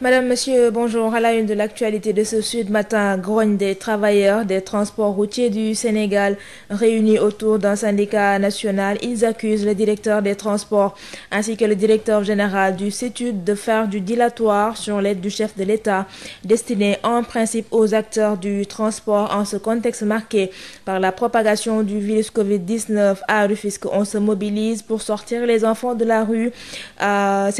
Madame, Monsieur, bonjour. À la une de l'actualité de ce des travailleurs des transports routiers du Sénégal réunis autour national. Ils accusent le directeur des transports ainsi que le général du CETUD de faire du dilatoire sur l'aide du chef de l'État destinée en principe aux acteurs du transport en ce contexte marqué par propagation du virus Covid-19 à Rufisque. On se pour sortir les enfants de la rue. Euh,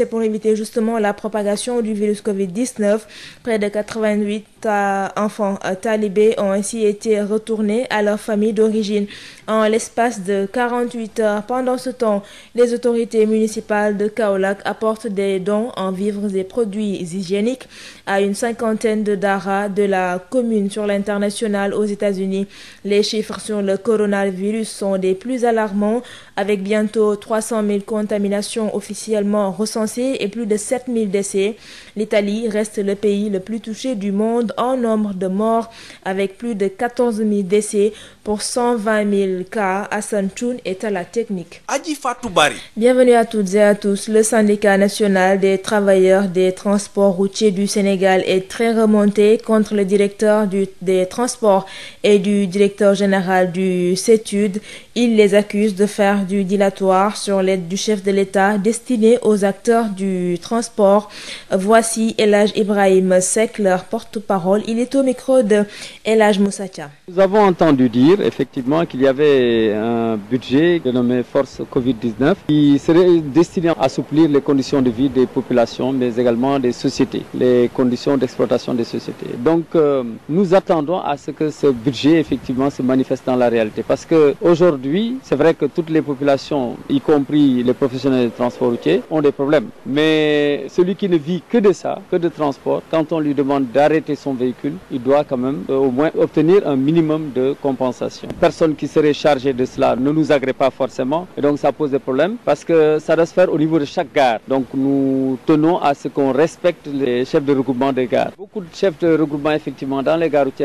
la propagation du Covid-19. Près de 88 euh, enfants euh, talibés ont ainsi été retournés à leur famille d'origine en l'espace de 48 heures. Pendant ce temps, les autorités municipales de Kaolack apportent des dons en vivres et produits hygiéniques à une de daara de la commune sur l'international aux États-Unis. Les le coronavirus sont des plus alarmants avec bientôt 300 000 contaminations officiellement recensées et plus de 7 000 l'Italie reste le pays le plus touché du monde en nombre de morts, avec plus de 14 000 décès pour 120 000 cas. Hassan Thioune est à la technique. Adji Fatou Bari. Bienvenue à toutes et à tous. Le syndicat national des travailleurs des transports routiers du Sénégal est très remonté contre le directeur des transports et du directeur général du CETUD. Il les accuse de faire du dilatoire sur l'aide du chef de l'État destinée aux acteurs du transport. Voici dit Elhaj Ibrahim Seck, leur porte-parole. Il est au micro de Elhaj Moussatia. Nous avons entendu dire effectivement qu'il y avait un budget dénommé Force Covid-19 qui serait de vie des populations mais également des sociétés, les euh, que ce budget effectivement se manifeste la réalité parce que aujourd'hui, c'est que toutes les populations, y compris les pas que de transport, quand on lui demande d'arrêter son véhicule, il doit quand même euh, au moins obtenir un minimum de compensation. Personne qui serait chargée de cela ne nous agrée pas forcément et donc ça pose que ça doit se faire au niveau de chaque gare. Donc nous tenons à ce qu'on respecte les chefs de regroupement des gares.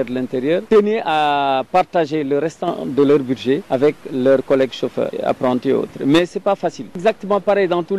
de l'intérieur tenaient à partager le restant de leur budget avec leurs collègues chauffeurs, apprentis et autres. Mais c'est pas facile. dans tous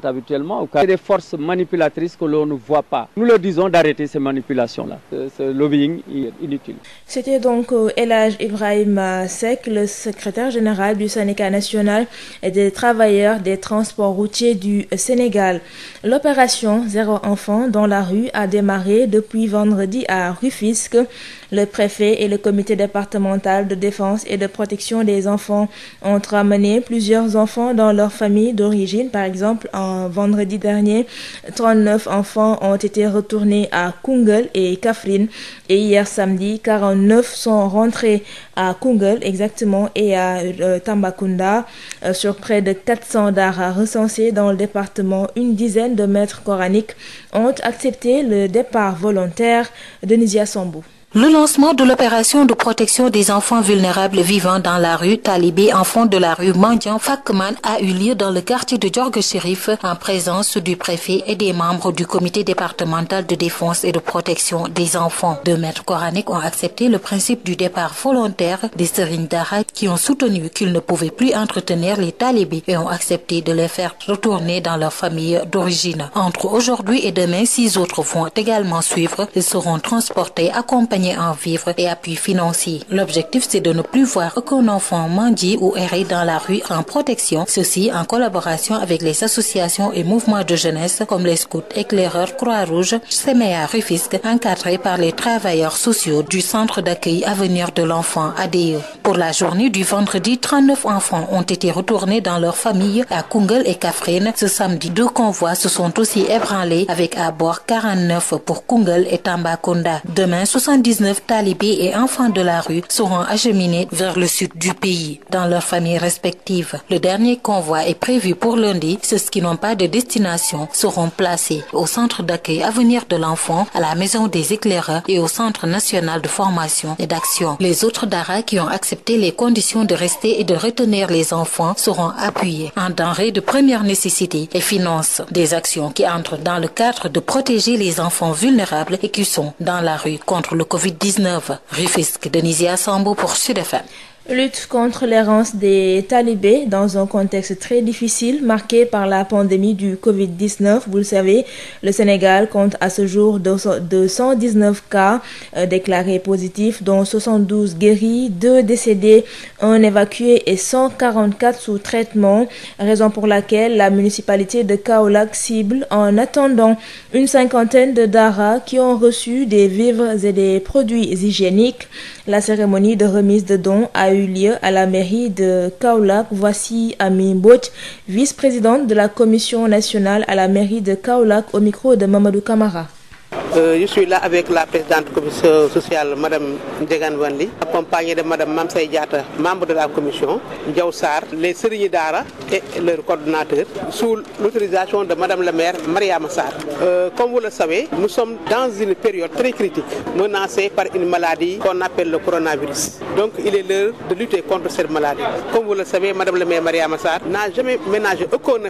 sont habituellement au cas des forces manipulatrices que l'on ne voit pas. Nous leur euh, euh, euh, le secrétaire général du syndicat national des travailleurs des transports routiers du Sénégal. L'opération Zéro enfant dans la rue a démarré depuis vendredi à Rufisque. Le préfet et le comité départemental de défense et de protection des enfants ont ramené plusieurs enfants dans leur famille d'origine, par exemple en vendredi dernier. 39 enfants ont été retournés à Koungheul et Kaffrine et hier samedi, 49 sont rentrés à Koungheul exactement et à euh, Tambacounda euh, sur près de 400 daara recensés dans le département. Une dizaine de maîtres coraniques ont accepté le départ volontaire de Sambou. Le lancement de l'opération de protection des enfants vulnérables vivant dans la rue Talibé, enfants de la rue Mandian Fakman, a eu lieu dans le quartier de Djorg Chérif en présence du préfet et des membres du comité départemental de défense et de protection des enfants. Deux maîtres coraniques ont accepté le principe du départ volontaire des Serigne qui ont soutenu qu'ils ne pouvaient plus entretenir les talibés et ont accepté de les faire retourner dans leur famille d'origine. Entre aujourd'hui et demain, six accompagner en vivres et appui financier. L'objectif, c'est de ne plus voir aucun enfant mendier ou errer dans la rue en protection, ceci en collaboration avec les associations et mouvements de jeunesse comme les scouts Croix-Rouge, CMEA Rufisque, encadrés par les travailleurs sociaux du Centre d'accueil Avenir de l'enfant ADE. Pour la journée du vendredi, enfants ont été retournés dans leur famille à Koungheul et Kaffrine. Ce samedi, deux convois se sont 79 talibés et enfants de la rue seront acheminés vers le sud du pays, dans leurs familles respectives. Le dernier convoi est prévu pour lundi. Ceux qui n'ont pas de destination seront placés au centre d'accueil Avenir de l'enfant, à la maison des éclaireurs et au centre national de formation et d'action. Les autres daras qui ont accepté les conditions de rester et de retenir les enfants seront appuyés en denrées de première nécessité et financent des actions qui entrent dans le cadre de protéger les enfants Covid 19 Rufisque Denisia Lutte contre l'errance des talibés dans un contexte très difficile par la pandémie du Covid-19. Vous le savez, le Sénégal compte à ce jour 219 cas euh, déclarés positifs, dont 72 guéris, 2 décédés, 1 évacué et 144 sous traitement, raison pour laquelle la municipalité de Kaolack cible en attendant une cinquantaine de daara qui ont reçu des vivres et des produits hygiéniques. La cérémonie de de dons eu à la mairie de Kaolack. Voici Ami Mbodj, vice-présidente de la commission nationale à la mairie de Kaolack, au micro de Mamadou Camara. Euh, je suis là avec la présidente commission sociale, Madame Ndjegan Wanli, accompagnée de Madame Mamsay Diata, membre de la commission, Ndiaw Sar, les Serigny daara et leur coordonnateur, sous l'autorisation de Madame la maire, Maria Massar. Euh, comme vous le savez, nous sommes dans une période très critique, menacée par une maladie qu'on appelle le coronavirus. Donc il est l'heure de lutter contre cette maladie. Comme vous le savez, Madame la maire, Maria Massar n'a jamais ménagé aucun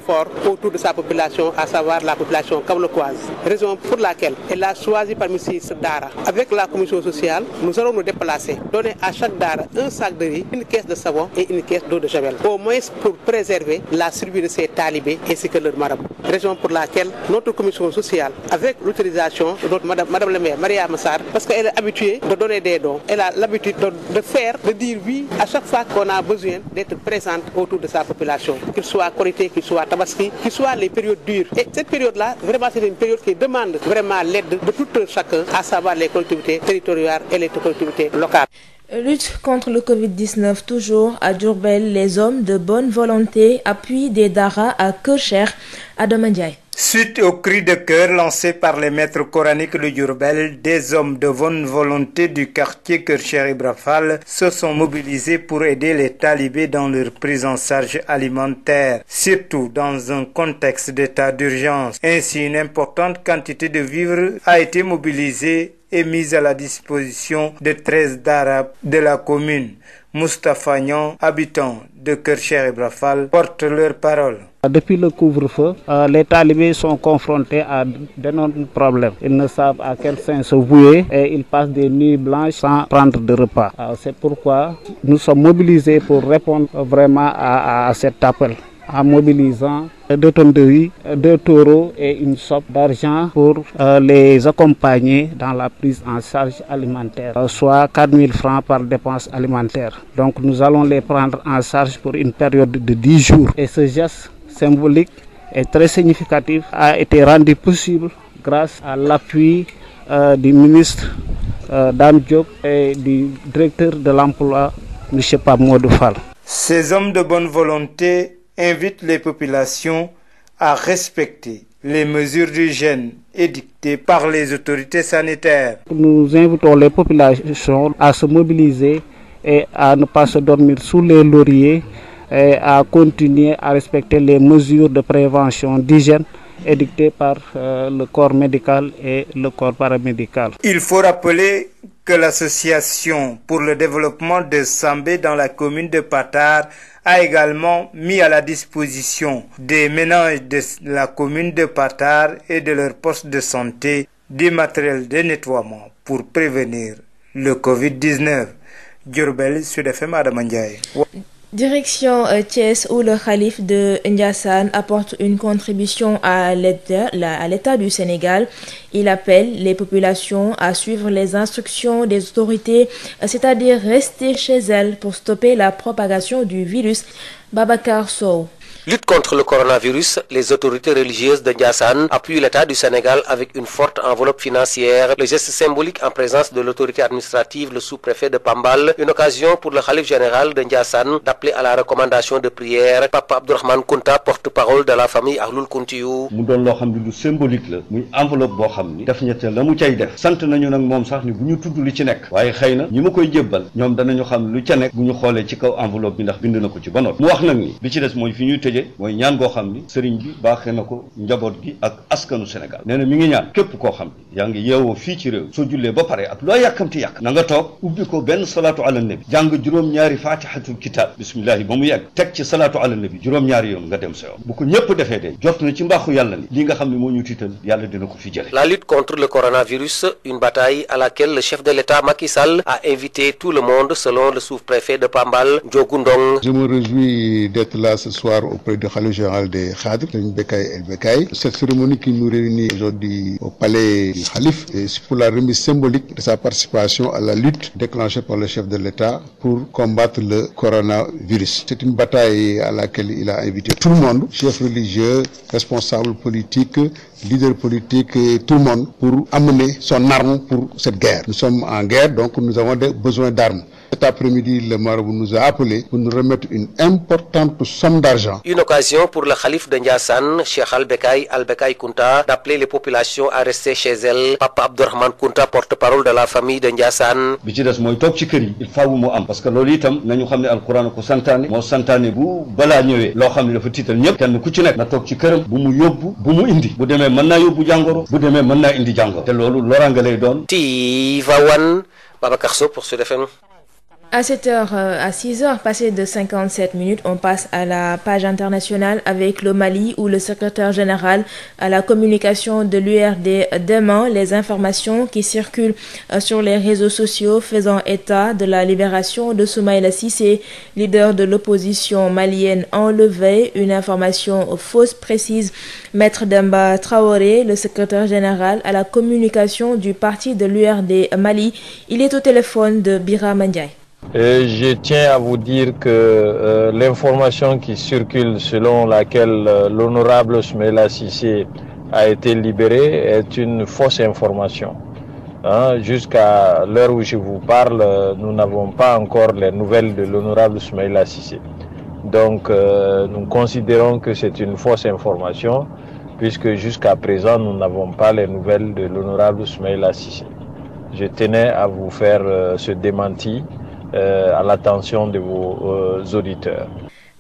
sa population, à savoir la population kavlokoise. a choisi parmi ces daara. Avec la commission sociale, nous allons nous déplacer, donner à chaque daara un sac de riz, une caisse de savon et une caisse d'eau de javel, au moins pour préserver la survie de ces talibés ainsi que leur Raison pour laquelle notre commission sociale, avec l'utilisation de donner des dons, elle a de, de de dire oui à chaque fois qu'on a besoin d'être présente autour de sa population, qu'il soit Korité, qu'il soit Tabaski, qu'il soit les périodes de tout chacun, à savoir les collectivités territoriales et les collectivités locales. Lutte contre le Covid-19 toujours à Diourbel, les hommes de bonne volonté appuient des daara à Keur Cheikh, Adama Ndiaye. Suite au cri de cœur lancé par les maîtres coraniques de Diourbel, des hommes de bonne volonté du quartier Keur Cheikh Ibra Fall se sont mobilisés pour aider les talibés dans leur prise en charge alimentaire, surtout dans un contexte d'état d'urgence. Ainsi, une importante quantité de vivres a été mobilisée est mise à la disposition de 13 d'Arabes de la commune. Moustapha Nian, habitant de Kercher et Brafal, porte leurs parole. Ah, depuis le couvre-feu, euh, les talibés sont confrontés à de nombreux problèmes. Ils ne savent à quel sein se vouer et ils passent des nuits blanches sans prendre de repas. Ah, c'est pourquoi nous sommes mobilisés pour répondre vraiment à, à cet appel. en mobilisant deux tonnes de riz, deux taureaux et une somme d'argent pour euh, les accompagner dans la prise en charge alimentaire, euh, soit 4 000 francs par dépense alimentaire. Donc nous allons les prendre en charge pour une période de 10 jours. Et ce geste symbolique et très significatif a été rendu possible grâce à l'appui euh, du ministre euh, Dame Diop et du directeur de l'emploi, M. Pamodou Fall. Ces hommes de bonne volonté invite les populations à respecter les mesures d'hygiène édictées par les autorités sanitaires. Nous invitons les populations à se mobiliser et à ne pas se dormir sous les lauriers et à continuer à respecter les mesures de prévention d'hygiène édictées par euh, le corps médical et le corps paramédical. Il faut rappeler que l'association pour le développement de Sambé dans la commune de Patar a également mis à la disposition des ménages de la commune de Patar et de leurs postes de santé du matériel de nettoiement pour prévenir le Covid-19. Diourbel, Sud FM, Adam Ndiaye. Direction euh, Thiès où le calife de Ndiassane apporte une contribution à l'État du Sénégal. Il appelle les populations à suivre les instructions des autorités, c'est-à-dire rester chez elles pour stopper la propagation du virus. Babacar Sow. Lutte contre le coronavirus, les autorités religieuses de Ndiassane appuient l'État du Sénégal avec une forte enveloppe financière. Le geste symbolique en présence de l'autorité administrative, le sous-préfet de Pambal, une occasion pour le khalife général de Ndiassane d'appeler à la recommandation de prière. Papa Abdourahmane Kounta, porte-parole de la famille Ahlul Kountiou. mu doon loo xam ne lu symbolique la muy enveloppe boo xam ni def ñetteel la mu cay def sant na ñi tëjee mooy ñaan goo xam ni sëriñ bi baaxee na ko njaboot gi ak askanu Sénégal nee na mi ngi ñaan képp koo xam ni ngi yeewoo fii ci réew soo ba pare ak loo yàkkamti yàkk na nga toog ubbi ko benn salaatu ala nabi jàng juróom-ñaari fatihatul kitab bismillahi ba mu yegg teg ci salaatu ala nabi juróom-ñaari yoon nga dem sa yoon bu ko ñëpp defee de jot na ci mbaaxu yàlla ni li nga xam ne moo ñu tiital yàlla dina ko fi jële la lutte contre le coronavirus une bataille à laquelle le chef de l'État Macky Sall a invité tout le monde selon le sous-préfet de Pambal Ndiogou Ndong Je me réjouis d'être là soir auprès du Khalif général des Khadr, Serigne Bekaye El Bekaye. Cette cérémonie qui nous réunit au palais Khalif pour la remise symbolique de sa participation à la lutte déclenchée par le chef de l'État pour combattre le coronavirus. C'est une bataille à laquelle il a invité tout le monde, chefs religieux, responsables politiques, leaders politiques, tout le monde, pour amener son arme pour cette guerre. Nous sommes en guerre, donc nous avons besoin d'armes. Cet après-midi, le marabout nous a appelés pour nous remettre une importante somme d'argent. Une occasion pour le calife de Ndiassane, Cheikh Albekaï Albekaï Kunta, d'appeler les populations à chez elles. Papa Abdourahmane Kunta, porte-parole de la famille de Ndiassane. bi ci des mooy toog ci kër yi il faut mu am parce que loolu itam nañu xam ne alxuraan ko santaane moo santaane bu balaa ñëwee loo xam ne dafa tiital ñëpp kenn ku nekk na toog ci këram bu mu yóbbu bu mu indi bu demee mën naa yóbbu À 7h euh, à 6 de 57 minutes, on passe à la page internationale avec le Mali où le secrétaire général à la communication de l'URD demain les informations qui circulent euh, sur les réseaux sociaux faisant état de la libération de Soumaïla Cissé, leader de l'opposition malienne enlevé, une information fausse précise. Maître Demba Traoré, le secrétaire général à la communication du parti de l'URD Mali, il téléphone de Birama Ndiaye. Et je tiens à vous dire que euh, l'information qui circule selon laquelle euh, l'honorable Smeila Sissé a été libéré est une fausse information. Hein, Jusqu'à l'heure où je vous parle, euh, nous n'avons pas encore les nouvelles de l'honorable Smeila Sissé. Donc euh, nous considérons que c'est une fausse information puisque jusqu'à présent nous n'avons pas les nouvelles de l'honorable Smeila Sissé. Je tenais à vous faire euh, ce démenti Euh, à l'attention de vos euh, auditeurs.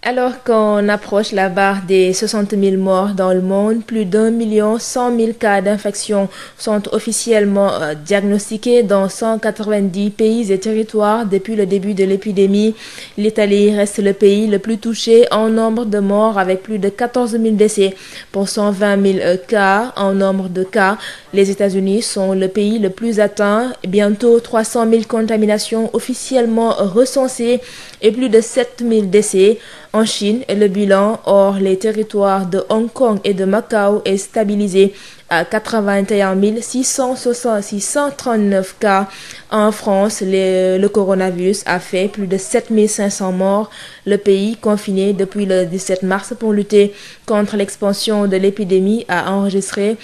Alors qu'on approche la barre des 60 000 morts dans le monde, plus d'un million cent mille cas d'infection sont officiellement euh, diagnostiqués dans 190 pays et territoires depuis le début de l'épidémie. L'Italie reste le pays le plus touché en nombre de morts avec plus de 14 000 décès pour 120 000 euh, cas en nombre de cas. Les États-Unis sont le pays le plus atteint, bientôt 300 000 contaminations officiellement recensées et plus de 7 000 décès. En Chine, le bilan hors les territoires de Hong Kong et de Macao est stabilisé à 81 639 cas. En France, les, le coronavirus a fait plus de 7 500 morts. Le pays, confiné depuis le 17 mars pour lutter contre l'expansion de l'épidémie, a enregistré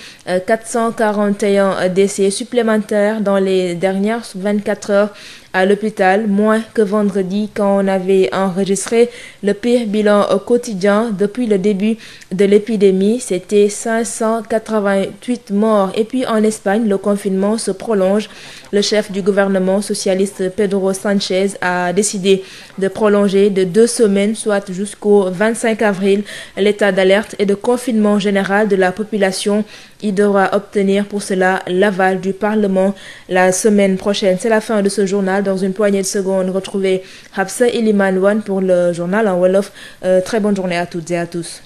441 euh, décès supplémentaires dans les dernières 24 heures à l'hôpital, moins que vendredi quand on avait enregistré le pire bilan quotidien depuis le début de l'épidémie. C'était 588 morts. Et puis en Espagne, le confinement se prolonge. Le chef du gouvernement socialiste Pedro Sanchez a décidé de prolonger de deux semaines, soit jusqu'au 25 avril, l'état d'alerte et de confinement général de la population Il devra obtenir pour cela l'aval du Parlement la semaine prochaine. C'est la fin de ce journal. Dans une poignée de secondes, retrouvez Hapsa Eliman Wane pour le journal en Wolof. Euh, très bonne journée à toutes et à tous.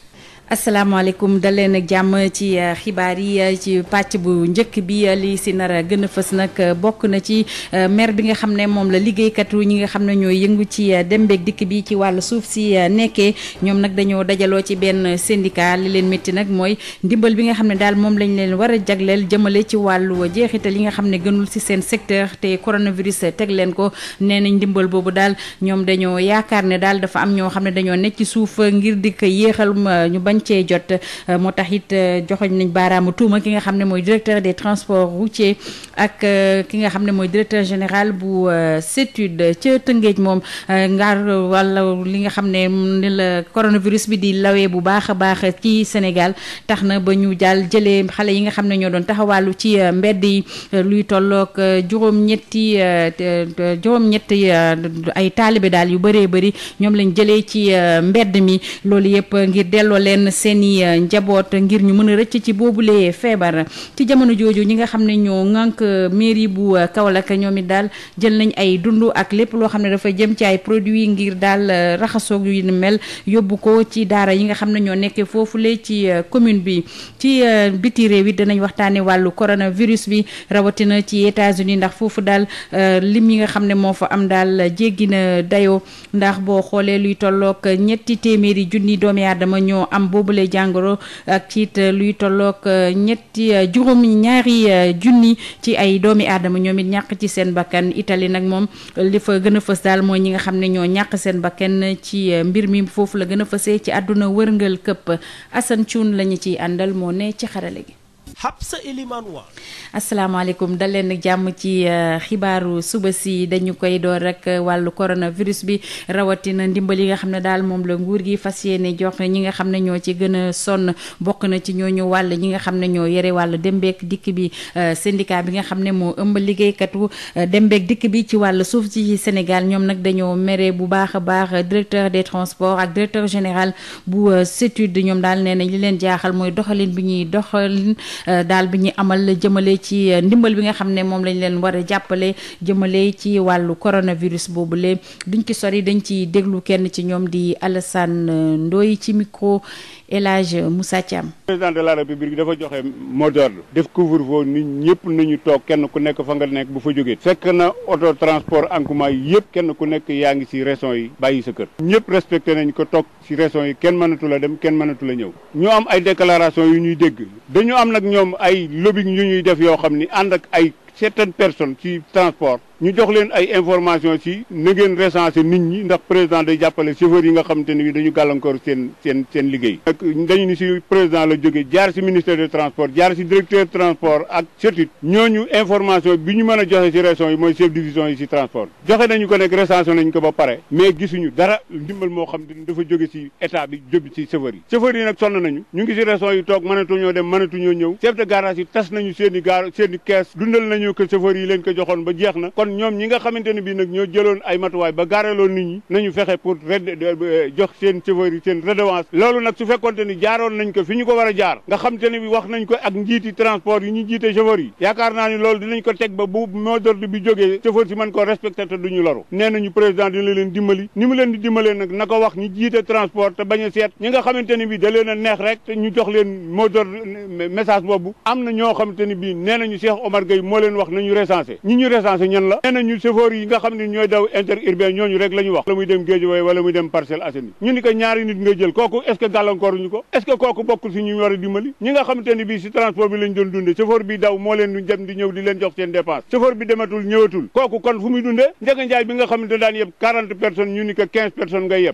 asalaamaaleykum daleen ak jàmm ci euh, xibaar yi euh, ci pàcc bu njëkk bi euh, li si nar a gën a fës nag bokk na ci maire bi nga xam ne moom la liggéeykatu ñi nga xam ne ñooy yëngu ci dem beeg dikk bi ci wàllu suuf si nekkee ñoom nag dañoo dajaloo ci benn syndicat li leen métti nag mooy ndimbal bi nga xam ne daal moom lañ leen war a jagleel jëmale ci wàllu jeexital yi nga xam ne gënul si seen secteur te coronavirus teg leen ko nee nañ ndimbal boobu daal ñoom dañoo yaakaar ne daal dafa am ñoo xam ne dañoo nekk ci suuf ngir dikk yéexal ñu bañ mën cee jot euh, moo tax it euh, joxoñ nañ baaraamu tuuma ki nga xam ne mooy directeur des transports routiers ak euh, ki nga xam ne mooy directeur général bu CETUD ca Tëngéej moom ngaar wala li nga xam ne ni la coronavirus bi di lawee bu baax a baax ci Sénégal tax na ba ñu jàll jëlee xale yi nga xam ne ñoo doon taxawàllu ci mbedd yi luy tollook juróom-ñetti juróom-ñetti ay taalibe daal yu bëree bëri ñoom lañ jëlee ci mbedd mi loolu yëpp ngir delloo leen yenn seen i eh, njaboot ngir ñu mën a rëcc ci boobulee feebar ci jamono jooju ñi nga xam ne ñoo ŋànk eh, mairie bu eh, Kaolack ñoom it daal jël nañ ay dund ak lépp loo xam ne dafa jëm ci ay produits ngir daal raxasoog yu ni mel yóbbu ko ci daara yi nga xam ne ñoo nekkee foofule ci commune bi ci biti réew it danañ waxtaane wàllu coronavirus bi rawatina ci États-Unis ndax foofu daal lim yi nga xam ne moo fa am daal jéggi na dayoo ndax boo xoolee luy tolloog ñetti téeméeri junni doomi aadama ñoo am boobule jàngoro ak ci it euh, luy tolloog euh, ñetti euh, juróomi ñaari junni ci ay doomi aadama ñoom it ñàkk ci seen bakkan itali nag moom li fa gën a fës daal mooy ñi nga xam ne ñoo ñàkk seen bakkan ci mbir mi foofu la gën a fësee ci àdduna wërngal këpp Assane Thioune la ñu ciy àndal moo ne ci xarale gi. Habsa Elimane Wa. asalaamaaleykum dal leen jàmm ci euh, xibaaru suba si dañu koy door rek euh, wàllu coronavirus bi rawatina ndimbal yi nga xam ne daal moom la nguur gi fas yéene jox ñi nga xam ne ñoo ci gën a sonn bokk na ci ñooñu wàll ñi nga xam ne ñoo yore wàllu dembeek dikk bi euh, syndicat bi nga xam ne moo ëmb liggéeykatu dembeek dikk bi ci wàll suuf ci Sénégal ñoom nag dañoo mere bu baax a baax directeur des transports ak directeur général bu CETUD ñoom daal nee nañ li leen jaaxal mooy doxalin bi ñuy doxalin. Euh, daal bi ñu amal jëmale ci euh, ndimbal bi nga xam ne moom lañ leen war a jàppale jëmale ci wàllu boobu boobule duñ ci sori dañ ci déglu kenn ci ñoom di Alassane euh, Ndoye ci micro. El Hadj sàccam Thiam. président de la république dafa joxe mot def couvre-feu nit ñëpp nañu toog kenn ku nekk fa nga nekk bu fa jógee fekk na auto transport en commun yëpp kenn ku nekk yaa ngi ci raison yi bàyyi sa kër ñëpp respecté nañ ko toog ci raison yi kenn mënatula dem kenn mënatu la ñëw ñu am ay déclaration yu ñuy dégg dañu am nag ñoom ay lobbying yu ñuy def yoo xam ni ànd ak ay certaines personnes ci transport ñu jox leen ay information ci na ngeen recenser nit ñi ndax président day jàppale chauffeurs yi nga xamante ne bi dañu gàllankoor seen seen seen liggéey. nag dañu ni si président la jógee jaar si ministère des transports jaar si directeur transport ak surtout ñooñu information bi ñu mën a joxe si régions yi mooy chef division yi si transport joxe nañu ko nag recensé nañu ko ba pare mais gisuñu dara ndimbal moo xam ne dafa jóge si état bi jóg si chauffeurs yi. chauffeurs yi nag sonn ñu ngi si régions yi toog mënatuñoo dem ñëw chef de garage yi tas nañu seen i ba jeex na kon ñoom ñi nga xamante ne bii nag ñoo jëloon ay matuwaay ba gaaraloon nit ñi nañu fexe pour euh, euh, jox seen chauffeur yi seen redevance loolu nag su fekkonte ni jaaroon nañ ko fi ñu ko war a jaar nga xamante ne bi wax nañ ko ak njiiti transport yi ñu jiite chauffeur yi yaakaar naa ni loolu dinañ ko teg ba bu mot d'ordre bi jógee chauffeur si mën ko respecté te duñu loru nee nañu président dina leen dimbali ni mu leen di dimbalee nag na wax ñi jiite transport te bañ a seet ñi nga xamante ne bi da leen a neex rek te ñu jox leen mot d'ordre euh, message boobu am na ñoo xamante ne bii nee nañu Cheikh Omar Gueye moo leen wax nañu recensé ñi ñu recensé ñan la nee na ñu chauffeur yi nga xam ne ñooy daw interurbain ñooñu rek la wax wala muy dem Guédiawaye wala muy dem Parcelles Assainies ñu ni ko ñaari nit nga jël kooku est-ce ñu ko est kooku bokkul si ñu war a dimbali ñi nga xamante ne bii si transport bi lañ doon dunde chauffeur bi daw moo leen du dem di ñëw di leen jox seen dépense chauffeur bi dematul ñëwatul kooku kon fu muy dundee njëkk njaay bi nga xamante daan yëpp quarante personnes ñu ni ko quinze personnes ngay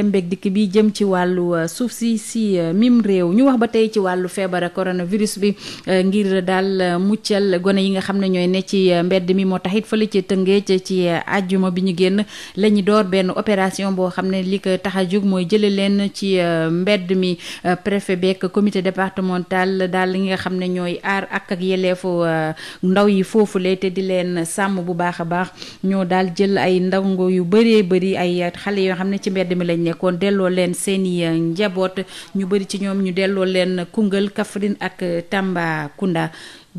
dem beeg dikk bi jëm ci wàllu euh, suuf si si euh, mim réew ñu wax ba tey ci wàllu feebar coronavirus bi euh, ngir daal muccal gone yi nga xam ne ñooy ne ci mbedd mi moo tax it fële ci tëngee ci àjjuma bi ñu génn la door benn opération boo xam ne li ko tax a jóg mooy jële leen ci mbedd mi préfet beeg comité départemental daal li nga xam ne ñooy aar ak ak yelleefu ndaw yi foofule te di leen sàmm bu baax a baax ñoo daal jël ay ndaw yu bëree bëri ay xale yoo xam ne ci mbedd mi lañ lañ nekkoon delloo leen seen i eh, njaboot ñu bëri ci ñoom ñu delloo leen Koungheul Kaffrine ak eh, Tambacounda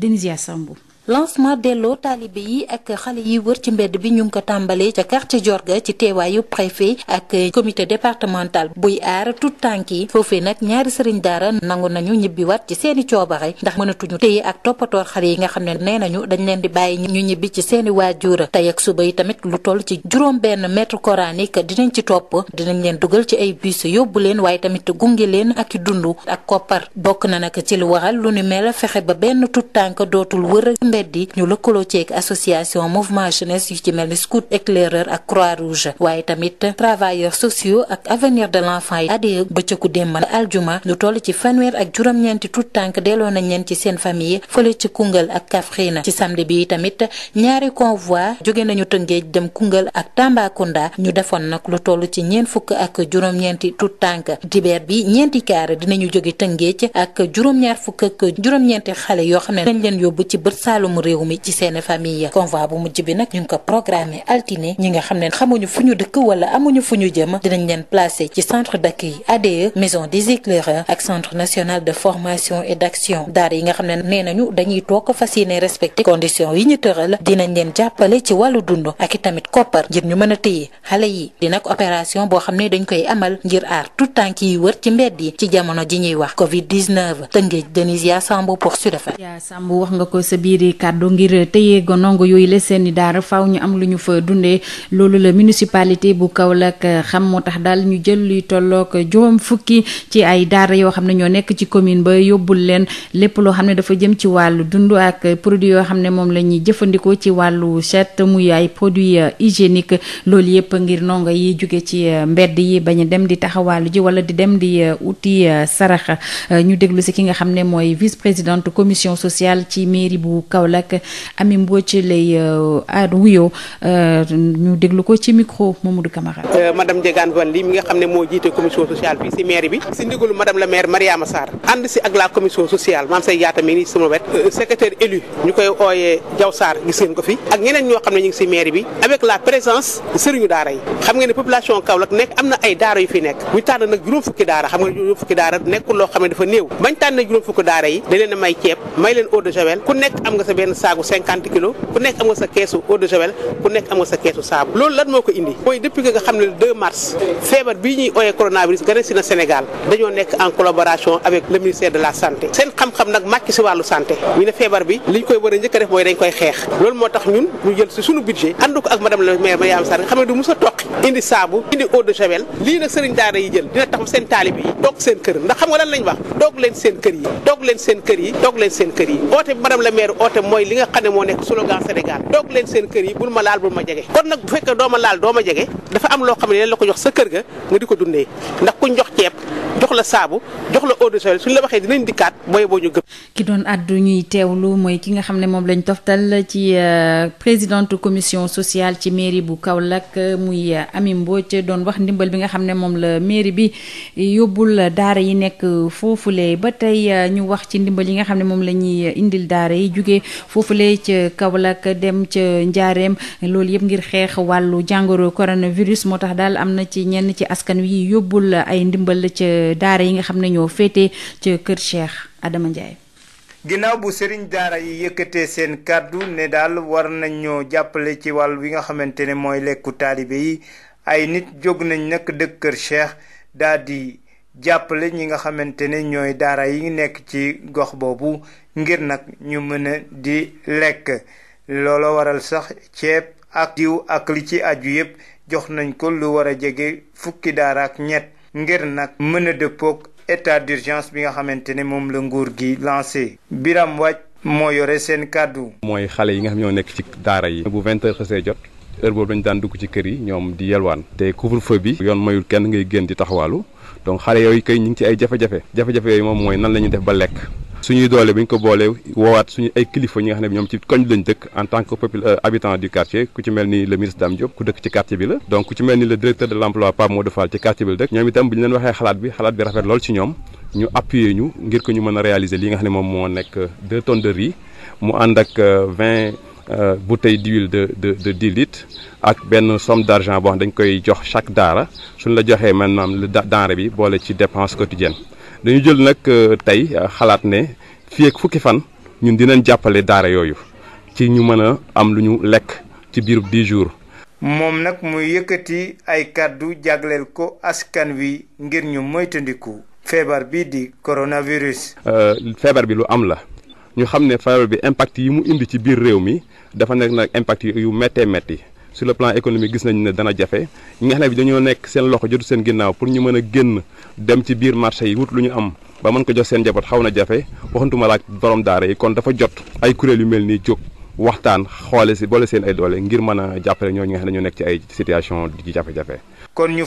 Denisia Sambou lancement delloo taalibe yi ak xale yi wër ci mbedd bi ñu ngi ko tàmbalee ca quartier Diorga ci teewaayu préfet ak commité départemental buy aar tout tànk yi foofee nag ñaari sëriñ daara nangu nañu ñibbi ñibbiwaat ci seeni coobare ndax mënatuñu téye ak toppatoor xare yi nga xam ne nee nañu dañ leen di bàyyi ñu ñibbi ci seeni waajur tey ak suba yi tamit lu toll ci juróom-benn maître coranique dinañ ci topp dinañ leen dugal ci ay bus yóbbu leen waaye tamit gunge leen ak i dund ak koppar bokk na nag ci lu waral lu ni mel fexe ba benn tout tànk dootul mbedd yi ñu lëkkaloo ceeg association mouvement jeunesse yu ci mel ni scout éclaireur ak croix rouge waaye tamit travailleurs sociaux ak avenir de l'enfant yi adee bëccëgu démb aljuma lu toll ci fanweer ak juróom-ñeenti tout tànk delloo nañ leen ci seen famille fële ci Koungheul ak na ci samedi bi tamit ñaari convoi joge nañu Tëngéej dem Koungheul ak Tambacounda ñu defoon nag lu toll ci ñeent fukk ak juróom-ñeenti tout tànk dibeer bi ñeenti kaar dinañu jóge Tëngéej ak juróom-ñaar fukk ak yoo xam wàllum réew mi ci seen famille convoi bu mujj bi nag ñu ngi ko programmé altine ñi nga xam ne xamuñu fu ñu dëkk wala amuñu fu ñu jëm dinañ leen placer ci centre d'accueil ADE maison des éclaireurs ak centre national de formation et d'action daara yi nga xam ne nee nañu dañuy toog fas yéene respecté conditions yi ñu tëral dinañ leen jàppale ci wàllu dund ak itamit koppar ngir ñu mën a téye xale yi dina ko boo xam ne dañ koy amal ngir aar tout tànk yi wër ci mbedd ci ji ñuy wax covid 19 ay kàddu ngir téye gonongo yooyu la seen i daara faaw ñu am lu ñu fa dundee loolu la municipalité bu Kaolack xam moo tax daal ñu jël luy tollook juróom fukki ci ay daara yoo xam ne ñoo nekk ci commune ba yóbbul leen lépp loo xam ne dafa jëm ci wàllu dund ak produit yoo xam ne moom la ñuy jëfandikoo ci wàllu set muy ay produit hygiénique loolu yëpp ngir ndongo yi juge ci mbedd yi bañ a dem di taxawaalu ji wala di dem di uti saraxa ñu déglu si ki nga xam Kaolack Amy Mbodj lay euh, wuyoo euh, ñu déglu ko ci micro Mamadou Camara. Euh, madame Diegane Valli mi nga xam ne moo jiite commission sociale bi si maire bi si ndigalu madame la maire Mariama Sarr ànd si ak la commission sociale maam say yaata mi ni sama wet secrétaire élu ñu koy ooyee Diaw Sarr gis ko fi ak ñeneen ñoo xam ne ñu ngi si maire bi avec la présence sëriñu daara yi xam ngeen ne population Kaolack nekk am na ay daara yu fi nekk buñ tànn a may sa benn saagu 50 kilos ku nekk am nga sa keesu saabu loolu lan moo ko indi mooy depuis que nga xam ne le mars feebar bii ñuy ooyee coronavirus gane si na Sénégal dañoo nekk en collaboration avec le ministère de la santé seen xam-xam nag màcc si wàllu santé ñu ne feebar bi liñ koy war a njëkk a def mooy dañ koy xeex loolu moo tax ñun ñu jël si suñu budget ànd ko ak madame le maire Mariam Sarr nga xam ne du mos a toqi indi saabu indi eau de javel mooy li nga xam ne moo nekk slogan Sénégal toog leen seen kër yi bul ma laal bul ma jege kon nag bu fekkee doo ma laal doo dafa am loo xam ne leen ko jox sa kër ga nga di ko dundee ndax kuñ jox ceeb jox la saabu jox la eau de la waxee dinañ dikkaat booy boo ñu ki doon àddu ñuy teewlu mooy ki nga xam ne moom lañ toftal ci euh, présidente commission sociale ci mairie bu Kaolack muy euh, Ami Mbodj doon wax ndimbal bi nga xam ne moom la mairie bi yóbbul daara yi nekk foofu foofule ba tey euh, ñu wax ci ndimbal yi nga xam ne moom la ñuy indil daara yi jugee foofu lay ca Kaolack dem ca Njaareem loolu yëpp ngir xeex wàllu jàngoro virus moo tax daal am na ci ñenn ci askan wi yóbbul ay ndimbal ca daara yi nga xam ne ñoo féete ca Kër Cheikh Adama Ndiaye. ginnaaw bu sëriñ daara yi yëkkatee seen kàddu ne daal war nañoo jàppale ci wàll wi nga xamante ne mooy lekku taalibe yi ay nit jóg nañ nag dëkk Kër Cheikh daal jàppale ñi nga xamante ne ñooy daara yi nekk ci gox boobu ngir nag ñu mën a di lekk looloo waral sax ceeb ak diw ak li ci aju yépp jox nañ ko lu war a jege fukki daara ak ñett ngir nag mën a dëppoog état d'urgence bi nga xamante ne moom la nguur gi lancé Biram Waaj moo yore seen kàddu mooy xale yi nga xam ñoo nekk ci daara yi bu vingt heures xasee jot heure dañu daan dugg ci kër yi ñoom di yelwaan te couvre-feu bi yoon mayul kenn ngay génn di taxawaalu donc xale yooyu kay ñu ngi ci ay jafe-jafe jafe-jafe yooyu moom mooy nan la ñuy def ba lekk suñuy doole bi ñu ko boole woowaat suñu ay kilifa ñi nga xam ne ñoom ci koñ lañ dëkk en tant que popul euh, habitant du quartier ku ci mel ni le ministre Dame Diop ku dëkk ci quartier bi la donc ku ci mel ni le directeur de l'emploi Pape Modou Fall ci quartier bi la dëkk ñoom itam bu ñu leen waxee xalaat bi xalaat bi rafet lool ci ñoom ñu appuyer ñu ngir ko ñu mën a li nga xam ne moom moo nekk deux mu ànd ak euh, vingt Euh, bouteille d'huile de de de dix litres ak benn somme d'argent boo dañ koy jox chaque daara suñ la joxee maanaam lu denrée bi boole ci dépense quotidienne dañu jël nag euh, tey euh, xalaat ne fii fukki fan ñun dinañ jàppale daara yooyu ci ñu mën a am lu ñu lekk ci biirub dix jours. moom nag muy yëkkati ay kàddu jagleel ko askan wi ngir ñu moytandiku. feebar bii di coronavirus. feebar bi lu am la ñu xam ne feebar bi impact yi mu indi ci biir réew mi dafa nekk nag impact yu méttee métti sur le plan économique gis nañu ne dana jafe ñi nga xam bi dañoo nekk seen loxo jotu seen ginnaaw pour ñu mën a génn dem ci biir marché yi wut lu ñu am ba mën ko jox seen njaboot xaw na jafe waxantuma ak borom daara yi kon dafa jot ay kuréel yu mel ni jóg waxtaan xoole si boole seen ay doole ngir mën a jàppale ñoo nga xam ne dañoo nekk ci ay situation di jafe-jafe. kon ñu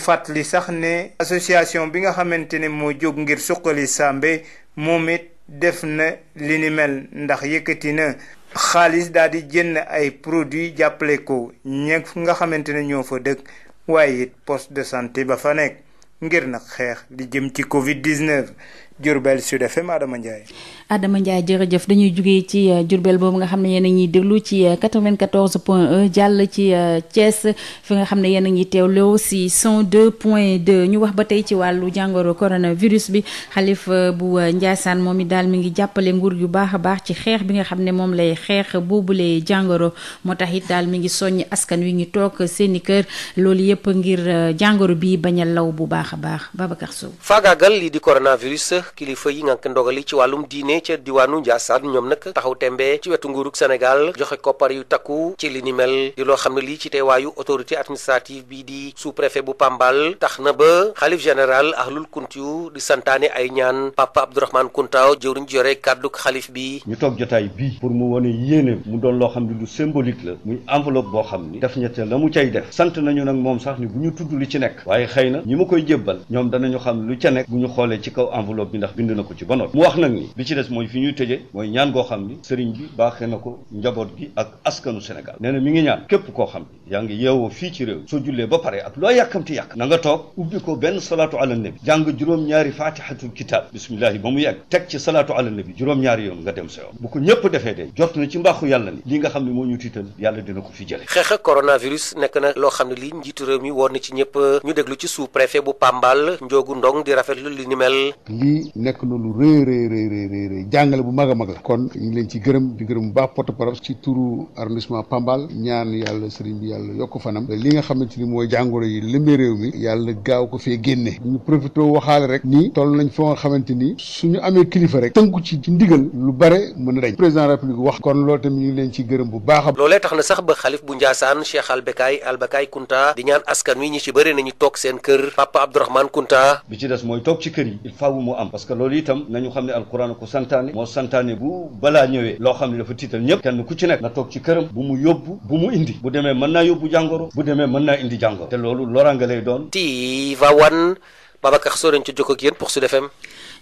bi nga xamante ne moo jóg ngir suqali Sambé moom it def na li mel ndax yëkkati na xaalis daal di jënd ay produits jàppale ko ña nga xamante ne ñoo fa dëkk waaye it poste de santé ba fa nekk ngir nag xeex di jëm ci Covid 19. Diourbel Sud FM Adama Ndiaye. Adama Ndiaye jërëjëf dañuy jugee ci euh, Diourbel boobu nga xam ne yéen a ñuy déglu ci 94 euh, point 1 jàll ci euh, Thiès fi nga xam ne yéen a ñuy teewloo si 102 point 2 ñu wax ba tey ci wàllu jàngoro virus bi xalifa bu Ndiassane moom it daal mi ngi jàppale nguur yu baax a baax ci xeex bi nga xam ne moom lay xeex boobule jàngoro moo tax it daal mi ngi soññ askan wi ñu toog seen i kër loolu yëpp ngir jàngoro bi bañ law bu baax a baax Babacar Sow. faagaagal sax kilifa yi ngànk ndogali ci wàllum diine ca diwaanu Ndiassane ñoom nag taxaw tembe ci wetu nguurug Sénégal joxe koppar yu takku ci li ni mel di loo xam ne lii ci teewaayu autorité administrative bi di sous-préfet bu Pambal tax na ba xalif général ahlul kuntiyu di santaane ay ñaan papa Abdourahmane Kuntaw jëwriñ jore kàdduk xalif bi ñu toog jotaay bii pour mu wane yéene mu doon loo xam ne lu symbolique la muy enveloppe boo xam ni def ñette la mu cay def sant nañu nag moom sax bi ndax bind na ko ci ba noppi mu wax nag ni bi ci des mooy fi ñuy tëjee mooy ñaan goo xam ni sëriñ bi baaxee na ko njaboot gi ak askanu Sénégal nee na ngi ñaan képp koo xam ni yaa ngi yeewoo fii ci réew soo jullee ba pare ak loo yàkkamti yàkk na nga toog ubbi ko benn salaatu ala nabi jàng juróom-ñaari fatihatul kitab bismillahi mu yegg teg yoon nga dem sa yoon bu ko ñëpp defee de jot na ci mbaaxu yàlla ni li nga xam ne moo ñu tiital yàlla dina ko fi jële xeex ak coronavirus nekk na loo nekk na lu rëy rëy rëy rëy rëy jàngale bu mag a mag la kon ñu leen ci gërëm di gërëm bu baax porte-parole ci turu arrondissement Pambal ñaan yàlla sëriñ bi yàlla yokk fanam li nga xamante ni mooy jàngoro yi lëmbee réew mi yàlla gaaw ko fee génne ñu profité waxaale rek nii toll nañ foo nga xamante ni suñu amee kilifa rek tënku ci ci ndigal lu bare mën a dañ président république wax kon loolu tamit ñu ngi leen ci gërëm bu baaxam a loolee tax na sax ba xalif bu Njaasaan Cheikh Albekaay Albekaay Kunta di ñaan askan wi ñi ci bëri nañu toog seen kër Papa Abdourahmane Kunta bi ci des mooy toog ci kër yi il mu am parce que loolu itam ñu xam ne a ko santaane moo santaane bu balaa ñëwee loo xam ne dafa tiital ñëpp kenn ku ci nekk na toog ci këram bu mu yóbbu bu mu indi bu demee man naa yóbbu jàngoro bu demee mën naa indi jàngoro te loolu loraange lay doon Tivaouane Babacar Sow dañ ci jokk ak yéen pour Sud FM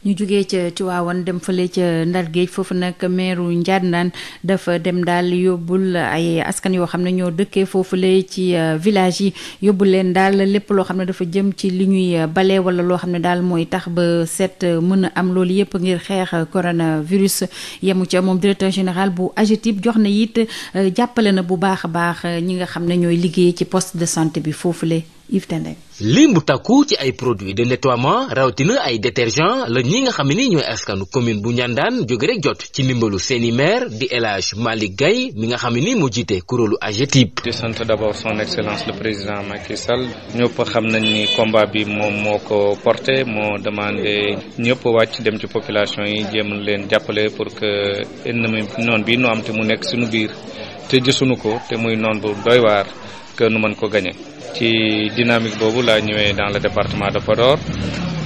ñu jugee ca ci waawan dem fële ca Ndar foofu nag meeru Njaarndaan dafa dem daal yóbbul ay askan yoo xam ne ñoo dëkkee foofu foofule ci euh, village yi yóbbu leen daal lépp loo xam ne dafa jëm ci li ñuy euh, bale wala loo xam ne daal mooy tax ba set euh, mën a am loolu yépp ngir xeex coronavirus yemu ca moom directeur général bu AGETIP jox na it jàppale na bu baax a baax ñi nga xam ne ñooy liggéey ci post de santé bi foofu Yves Tendeng lim bu takku ci ay produits de nettoiement rawatina ay détergent la ñi nga xam ne ni ñooy askanu commune bu Ndiandane jóge rek jot ci ndimbalu seeni maire di El Hadj Malick Gaye mi nga xam ne ni moo jiite kuréelu AGETIP. di sant d'abord son excellence le président Macky Sall ñëpp xam nañ ni combat bi moom moo ko porté moo demandé ñëpp wàcc dem ci population yi jéem leen jàppale pour que ennemi noonu bi nu am te mu nekk suñu biir te gisuñu ko te muy noon bu waar que nu mën ko gagné. ci dynamique boobu laa ñëwee dans la département de Podor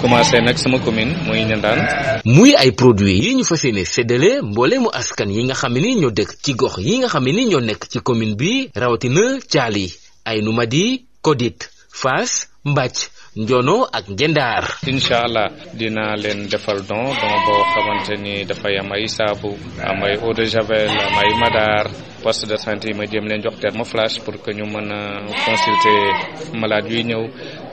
commencé nag sama commune muy Ñandaan. muy ay produits yi ñu fas yéene séddale mbooleemu askan yi nga xam ni ñoo dëkk ci gox yi nga xam ni ñoo nekk ci commune bi rawatina Caali ay Numadi Kodit Fass Mbàcc Njono ak Njendaar. incha allah dinaa leen defal don don boo xamante ni dafay am ay saabu am ay eau de javel am ay madaar poste de santé yi ma jéem leen ma thermoflash pour que ñu mën a consulter malade yuy ñëw.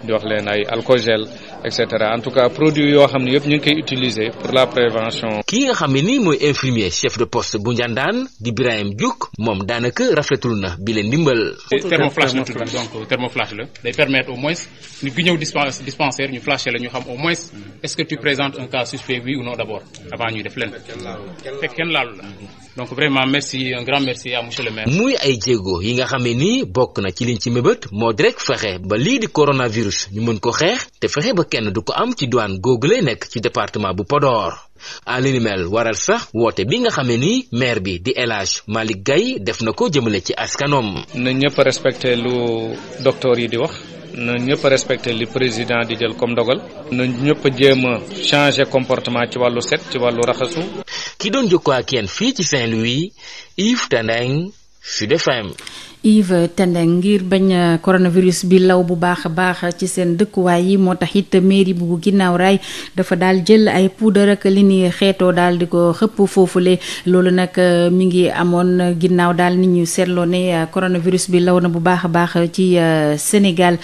di wax leen ay alcogel et cetera en tout cas produit yoo xam ne yëpp ñu ngi koy utiliser pour la prévention. ki nga xam ne nii mooy infirmier chef de poste bu Ndiandaan di Birahim Diouk moom daanaka rafetul na bi leen ndimbal. thermoflash la tudd donc thermoflash la day permettre au moins ñu ki ñëw dispensaire ñu flashé la ñu xam au moins est-ce que tu présentes un cas suspect oui ou non d'abord avant ñuy def leen fekk kenn laalu la. donc vraiment merci un grand merci à monsieur muy ay jéego yi nga xamee ni bokk na ci liñ ci mébét moo direk fexe ba lii di coronavirus ñu mën ko xeex te fexe ba kenn du ko am ci douane googu lay nekk ci département bu Podor. à mel waral sax woote bi nga xamee ni maire bi di El Hadj Malick def na ko jëmale ci askanom na ñëpp respecté lu docteur yi di wax. na ñëpp a respecté li président di jël comme ndogal na ñëpp a jéem changé comportement ci wàllu set ci wàllu raxasu. ki doon jokkoo ak yéen fii ci Saint-Louis Yves Tandeng Sud FM. Yves Tendeng ngir bañ euh, coronavirus bi law bu baax a baax ci seen dëkkuwaay yi moo tax it mairie bu ginnaaw raay dafa daal jël ay poudre ak li ni xeetoo daal di ko xëpp foofule loolu nag euh, mi ngi amoon ginnaaw daal nit ñu seetloo ne euh, coronavirus bi law na bu baax a baax ci Sénégal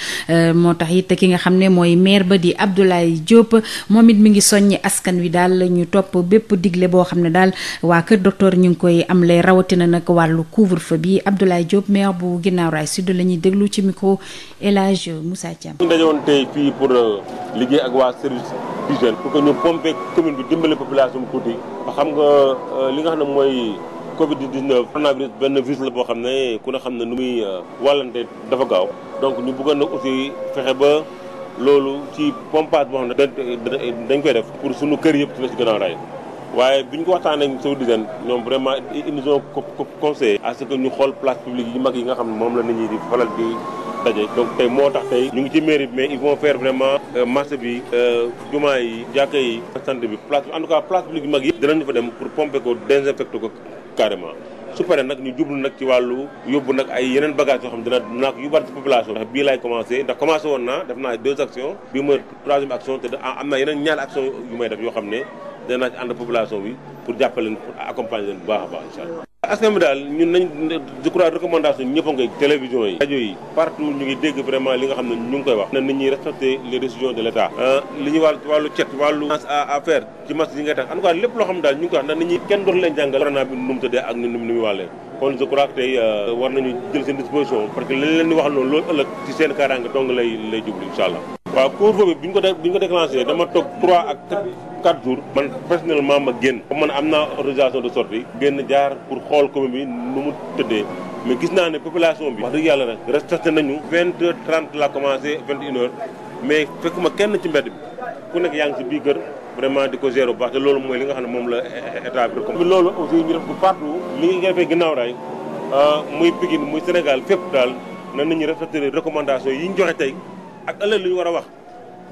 moo tax it ki nga xam ne mooy maire ba di Abdoulaye Diop moom it mu ngi soññi askan wi daal ñu topp bépp digle boo xam ne daal waa kër docteur ñu ngi koy am lay rawatina nag wàllu couvre-feu bi Abdoulaye Diop maire maire bu ginnaaw raay sud la ñuy déglu ci micro El Hadj Moussa Thiam. ñu dañu tey fii pour euh, liggéey ak waa service d'hygiène pour que ñu pomper commune bi dimbale population bi tuuti xam nga euh, li nga xam ne mooy. covid 19 coronavirus benn virus la boo xam ne ku ne xam ne nu muy euh, wàllante dafa gaaw donc ñu bëggoon na aussi fexe ba loolu ci pompage boo xam ne dañ koy def pour suñu kër yëpp ci la raay waaye bi ñu ko waxtaanee ak saouditaine ñoom vraiment ils nous ont conseillé à ce que ñu xool place publique yi mag yi nga xam ne moom la nit ñi di falal di daje donc tey moo tax tey ñu ngi ci mairie mais ils vont faire vraiment euh, marché bi euh, jumaa yi jàkka yi sant bi place en tout cas place publique yi mag yi dinañu fa dem pour pomper ko désinfecter ko carrément su paree nag ñu jublu nag ci wàllu yóbbu nag ay yeneen bagage yoo xam dina dinaa ko yóbbaat ci population ndax bii laay commencé ndax commencé woon naa def naa deux actions bii mooy troisième action te am naa yeneen ñaari action yu may def yoo xam ne danaa ci ànd population bi pour jàppale leen pour accompagner leen baax a baax incha allah askan bi daal ñun nañ je crois recommandation ñëpp a ngi koy télévision yi rajo partout ñu ngi dégg vraiment li nga xam ne ñu ngi koy wax na nit ñi respecter les décisions de l' état euh, li ñuy wàll wàllu cet wàllu à faire ci masque yi ngay tax en lépp loo xam ne daal ñu ngi koy wax na nit ñi kenn dootu leen jàngal corona bi nu mu ak ni kon je crois que tey euh, war nañu jël seen disposition parce que lañ leen di wax noonu loolu ëllëg ci seen kaaraange dong lay lay jublu incha allah. waaw couvre-feu bi bi ko bi ñu ko déclenché dama toog 3 ak 4 jours. man personnellement ma génn. comme man am naa autorisation de sortie génn jaar pour xool commune bi nu mu tëddee. mais gis naa ne population bi. wax dëgg yàlla rek resté nañu. vingt heures trente la commencé vingt une heures mais fekkuma kenn ci mbedd bi. ku nekk yaa ngi si biir kër vraiment di ko gérer bu baax te loolu mooy li nga xam ne moom la état bi comme loolu aussi ñu def ko partout li ñu defee ginnaaw euh, muy Sénégal fépp daal na nit ñi respecter recommandation yi ñu joxe tey ak ëllëg li war a wax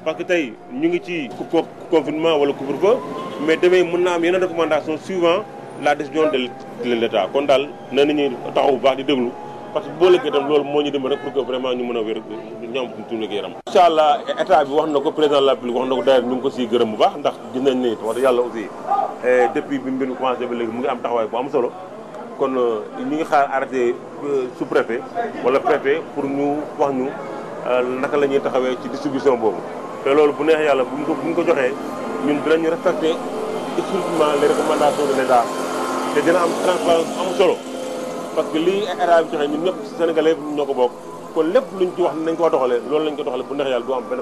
parce que tey ñu ngi ci co confinement wala couvre-feu mais demee mën naa am yeneen recommandation suivant la décision de l' état kon daal na nit ñi taxaw bu baax di déglu parce que boo liggéey tam loolu moo ñu dimbali rek pour que vraiment ñu mën a wér ñu am tuuti liggéey yaram. incha allah état bi wax na ko mi eh, ngi am taxawaay bu am solo kon eh, ñu ngi xaar euh, wala préfet pour ñu wax ñu euh, naka la ñuy taxawee ci distribution boobu te loolu bu neexee yàlla buñ ko buñ ko joxee ñun dinañu respecté exclusivement les recommandations de l'État solo. parce que lii état bi joxe ñun ñëpp sénégalais ñoo ko bokk kon lépp lu ci wax nañ ko loolu lañ ko doxalee bu neex yàlla du am benn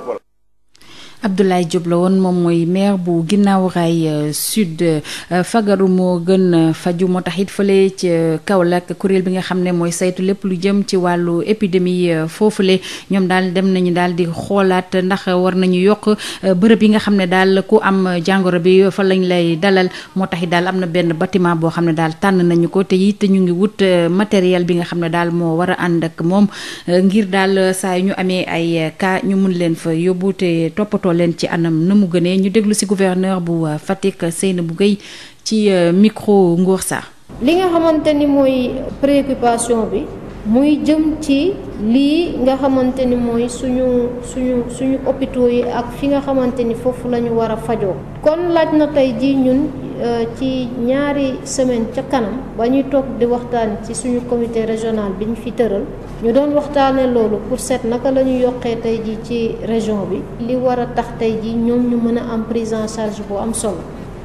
Abdoulaye Diop la woon moom mooy maire bu ginnaaw raay euh, sud euh, fagaru moo gën faju moo tax it fële ci Kaolack kuréel bi nga xam ne mooy saytu lépp lu jëm ci wàllu épidémie euh, foofule ñoom daal dem nañu daal di xoolaat ndax war nañu yokk bërëb yi nga xam ne daal ku am jàngoro bi fa lañ lay dalal moo tax it daal am na benn batiment boo xam ne daal tànn nañu ko te it ñu ngi wut matériel bi nga xam ne daal moo war a ànd ak moom ngir daal saa yu ñu amee ay cas ñu mun leen fa yóbbu te toppatoo toppatoo leen ci anam na mu gënee ñu déglu si gouverneur bu euh, Fatick Seynabou Gueye ci euh, micro Ngor Sarr. li nga xamante ni mooy préoccupation bi. muy jëm ci lii nga xamante ni mooy suñu suñu suñu hôpitaux yi ak fi nga xamante ni foofu la ñu war a fajoo kon laaj na tey jii ñun euh, ci ñaari semaine ca kanam ba ñuy toog di waxtaan ci suñu comité régional bi ñu fi tëral ñu doon waxtaane loolu pour seet naka la ñu yokkee tey jii ci région bi li war a tax tey jii ñoom ñu mën a am prise en charge bu am solo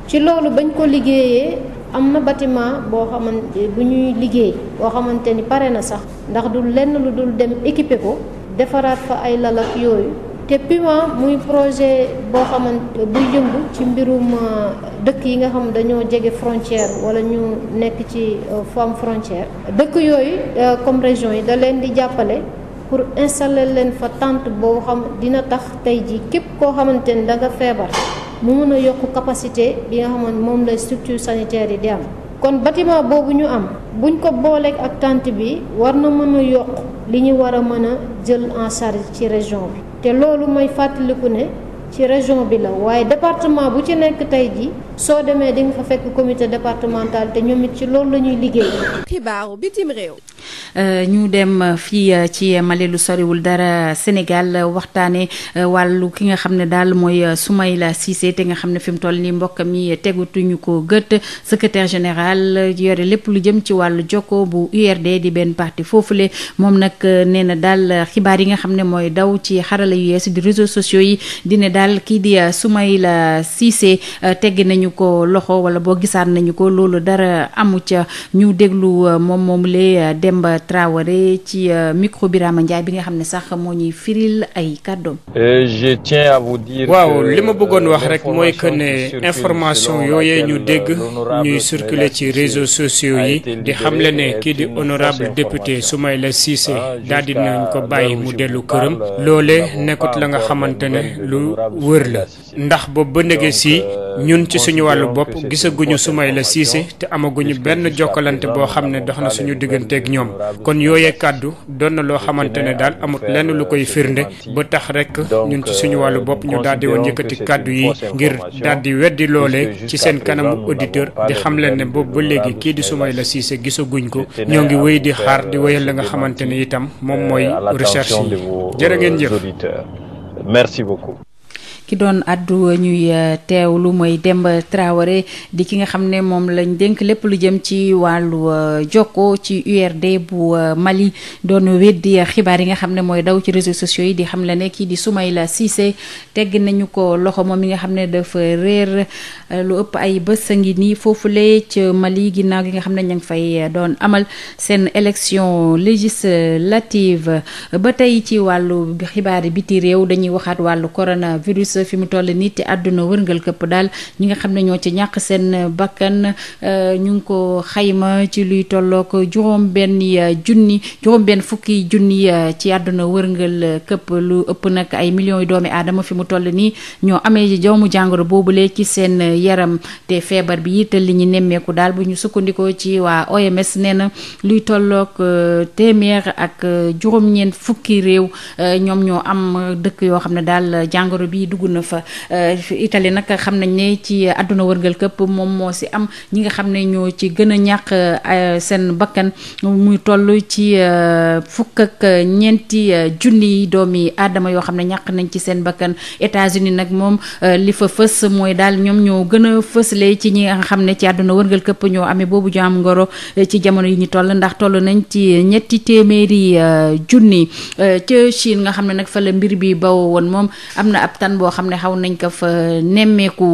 ci loolu bañ ko liggéeyee am na bâtiment boo xamante bu ñuy liggéey boo xamante ni pare na sax ndax du lenn lu dul dem équiper ko defaraat fa ay lal yooyu te PUMA muy projet boo xamante buy yëngu ci mbirum euh, dëkk yi nga xam dañoo jege frontière wala ñu nekk ci euh, forme frontière dëkk yooyu euh, comme région yi da leen di jàppale pour installer leen fa tànt boo xam dina tax tey ji képp koo xamante ni da feebar mu mun a yokk capacité bi nga xamoon moom la structure sanitaire yi di am kon bâtiment boobu ñu am buñ ko booleek ak tànt bi war na mën a yokk li ñu war a mën a jël en charge ci région bi te loolu mooy fàttaliku ne ci région bi la waaye département bu ci nekk tey ji soo demee di fa fekk comité départemental te ñoom it ci loolu la ñuy bi xibaaru bitim réew. Euh, ñu dem euh, fii euh, ci Mali lu soriwul dara Sénégal waxtaane wàllu ki nga xam ne daal mooy la Cissé te nga xam ne fi mu toll nii mbokkam mi tegutuñu ko gët secretaire général yore lépp lu jëm ci wàllu jokko bu URD di benn parti foofule moom nag nee na daal xibaar yi nga xam ne mooy daw ci xarala yu yees di réseaux sociaux yi dina daal kii di Soumaïla Cissé teggi nañu ko loxo wala boo gisaat nañu ko loolu dara amu ca ñu déglu moom moom lee demb Traoré ci euh, micro Birama Ndiaye bi nga xam ne sax moo ñuy firil ay kàddoom. Euh, je tiens waaw li ma bëggoon wax euh, rek mooy que ne information yooyee ñu dégg ñuy circuler ci réseaux sociaux yi di xamle ne kii di honorable député Soumaïla Cissé daal di nañ ko bàyyi mu dellu këram loole nekkut la nga xamante ne lu wër la ndax boobu ba nege si ñun ci suñu wàllu bopp gisaguñu Soumaïla Cissé te amaguñu benn jokkalante boo xam ne dox na suñu digganteeg ñoom kon yooyee kàddu doon na loo xamante ne daal amut lenn lu koy firnde ba tax rek ñun ci suñu wàllu bopp ñu daal di woon yëkkati kàddu yi ngir daal di weddi loolee ci seen kanamu auditeur di xam leen ne boobu ba léegi kii di Soumaïla Cissé gisaguñ ko ñoo ngi wéy di xaar di wéyal la nga xamante ne itam moom mooy recherche yi jërë ngeen jëf. Merci beaucoup. ki doon addu ñuy euh, teew lu mooy Demba Traoré di ki nga xam ne moom lañ dénk lépp lu jëm ci wàllu euh, jokko ci URD bu euh, Mali doon weddi xibaar yi nga xam ne mooy daw ci réseaux sociaux yi di xam la ne kii di Soumaïla Cissé tegg nañu ko loxo moom yi nga xam ne dafa réer lu ëpp ay bës a ngi nii foofu foofule ca Mali ginnaaw gi nga xam ne ña ngi fay doon amal seen élection législative ba tey ci wàllu xibaar biti réew dañuy waxaat wàllu coronavirus gis fi mu toll nii te àdduna wërngal këpp daal ñi nga xam ne ñoo ci ñàkk seen bakkan euh, ñu ngi ko xayma ci luy tollook juróom benn euh, junni juróom benn fukki junni euh, ci àdduna wërngal këpp lu ëpp nag ay millions yu doomi aadama fi mu toll nii ñoo amee jawmu jàngoro boobu boobule ci seen yaram te feebar bi te li ñu nemmeeku daal bu ñu sukkandikoo ci waa OMS nee na luy tollook téeméer ak juróom-ñeent fukki réew ñoom ñoo am dëkk yoo xam ne daal jàngoro bi dugg na fa euh, nag xam nañ ne ci àdduna wërgal këpp moom moo si am ñi nga xam ne ñoo ci gën a ñàkk euh, seen bakkan muy toll ci euh, fukk ak ñeenti junni doomi aadama yoo xam ne ñàkk nañ ci seen bakkan États-Unis nag moom li fa fës mooy daal ñoom ñoo gën a fësle ci ñi nga xam ne ci àdduna wërgal këpp ñoo ame boobu jaam ngoro ci jamono yi ñu toll ndax toll nañ ci ñetti téeméeri junni ca Chine nga xam ne nag fa la mbir bi bawoo woon moom am na ab tan boo xam ne xaw nañ ko fa nemmeeku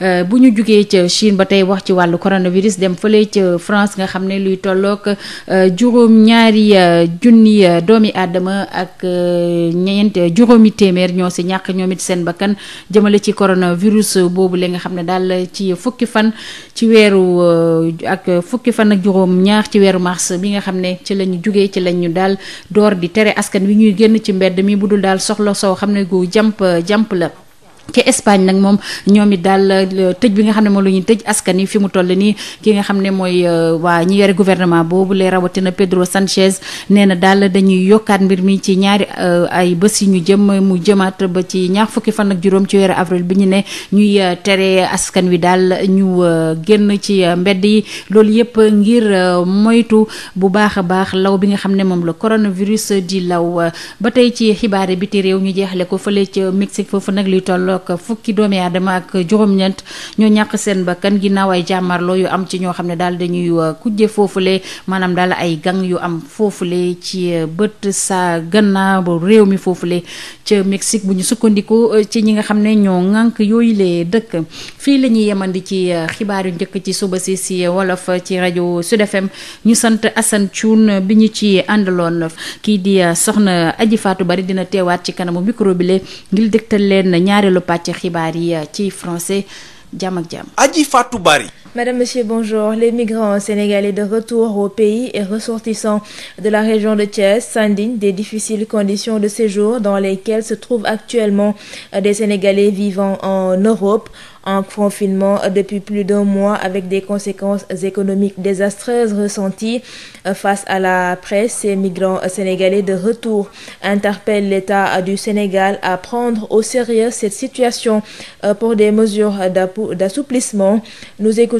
euh, bu ñu jugee ca Chine ba tey wax ci wàllu coronavirus dem fële ca France nga xam ne luy tolloog euh, juróom ñaari euh, junni doomi aadama ak ñeent juróomi téeméer ñoo si ñàkk ñoom seen bakkan jëmale ci coronavirus boobu la nga xam ne daal ci fukki fan ci weeru ak fukki fan ak juróom ci weeru mars bi nga xam ne ci la jógee ci la ñu daal door di tere askan bi ñuy génn ci mbedd mi bu dul daal soxla soo xam ne gu jàmp jàmp la ci Espagne nag moom ñoom it daal euh, tëj bi nga xam ne moom la ñuy tëj askan yi fi mu toll nii ki nga xam ne mooy euh, waa ñi yore gouvernement boobu lay rawatina Pedro Sanchez nee na daal dañuy yokkaat mbir mi ci ñaari euh, ay bés yi ñu jëm mu jëmaat ba ci ñaar fukki fan ak juróom ci weeru avril bi ñu ne ñuy tere askan wi daal ñu génn ci mbedd yi loolu yëpp ngir moytu bu baax a baax law bi nga xam ne moom la coronavirus di law ba tey ci xibaare bi ti réew ñu jeexale ko fële ca tolloog fukki doomi aadama ak juróom-ñeent ñoo ñàkk seen bakkan ginnaaw ay jàmmarloo yu am ci ñoo xam ne daal dañuy euh, kujje foofule maanaam daal ay gan yu am foofu foofule ci euh, bët sa gannaaw réew mi foofu foofule ca Mexique bu ñu sukkandiku euh, ci ñi nga xam ne ñoo ngànk yooyu lee dëkk fii la ñuy yemandi ci xibaaru njëkk ci suba si si wolof ci rajo Sud ñu sant Assane Thioune bi ñu ci àndaloon kii di soxna Aji Fatou Bari dina teewaat ci kanamu micro bi ngir dégtal pàcc xibaar yi ciy français jàmm ak jàmm. Aji Fatou Bari Madame, Monsieur, bonjour. Les migrants sénégalais de retour au pays et ressortissants de la région de Thiès s'indignent des difficiles conditions de séjour dans lesquelles se trouvent actuellement euh, des Sénégalais vivant en Europe en confinement euh, depuis plus d'un mois avec des conséquences économiques désastreuses ressenties euh, face à la presse. Ces migrants sénégalais de retour interpellent l'État du Sénégal à prendre au sérieux cette situation pour des mesures d'assouplissement. Nous écoutons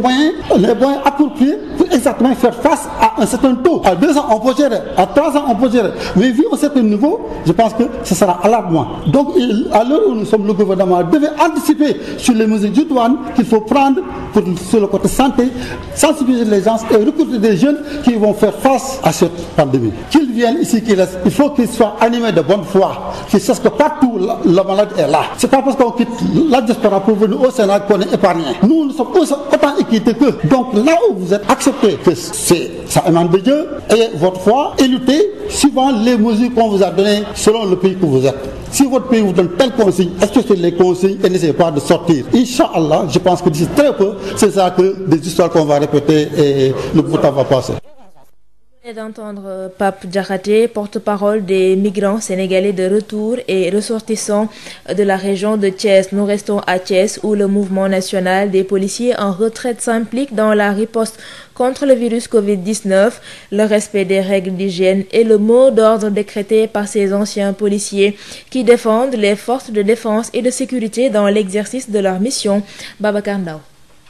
moyens, les moyens appropriés pour exactement faire face à un certain taux. À deux ans, on peut gérer. À trois ans, on peut gérer. Mais vu un certain niveau, je pense que ce sera alarmant. Donc, à nous sommes, le gouvernement devait anticiper sur les mesures du qu'il faut prendre sur le côté santé, sensibiliser les gens et recruter des jeunes qui vont faire face à cette pandémie. Qu'ils viennent ici, qu'ils il faut animés de bonne foi, qu'ils C'est qui Donc là où vous êtes, acceptez que c'est, ça émane de Dieu et votre foi et suivant les mesures qu'on vous a données selon le pays que vous êtes. Si votre pays vous donne telle consigne, est-ce que les consignes et n'essayez pas de sortir Inch'Allah, je pense que d'ici très peu, c'est ça que des histoires qu'on va répéter et le bout passer. d'entendre Pape Diakhaté, porte-parole des migrants sénégalais de retour et ressortissants de la région de Thiès. Nous restons à Thiès où le mouvement national des policiers en retraite s'implique dans la riposte contre le virus Covid-19, le respect des règles d'hygiène et le mot d'ordre décrété par ces anciens policiers qui défendent les forces de défense et de sécurité dans l'exercice de leur mission. Babacar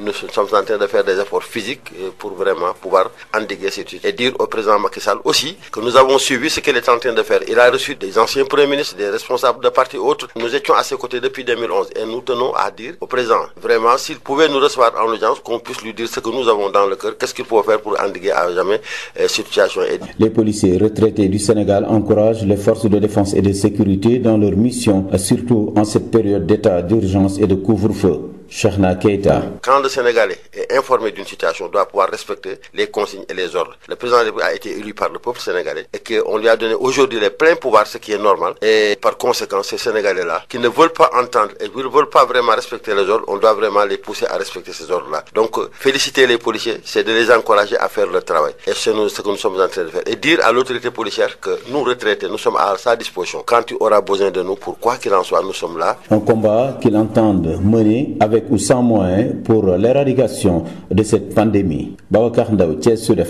mais nous sommes en train de faire des efforts physiques euh, pour vraiment pouvoir endiguer situation. Et dire au président Macky aussi que nous avons suivi ce qu'il est en train de faire. Il a reçu des anciens premiers ministres, des responsables de partis autres. Nous étions à ses côtés depuis et nous tenons à dire au président vraiment s'il pouvait nous recevoir en audience, qu'est-ce qu'il faut faire pour endiguer à jamais euh, situation. et de leur mission, euh, surtout Cheikhna Keita. Quand le Sénégalais est informé d'une situation, doit pouvoir respecter les consignes et les ordres. Le président de la a été élu par le peuple sénégalais et qu'on lui a donné aujourd'hui les pleins pouvoirs, ce qui est normal. Et par conséquent, ces Sénégalais-là, qui ne veulent pas entendre et qui ne veulent pas vraiment respecter les ordres, on doit vraiment les pousser à respecter ces ordres-là. Donc, euh, féliciter les policiers, ce avec ou de cette pandémie. Babacar Ndaw, Thiès Sud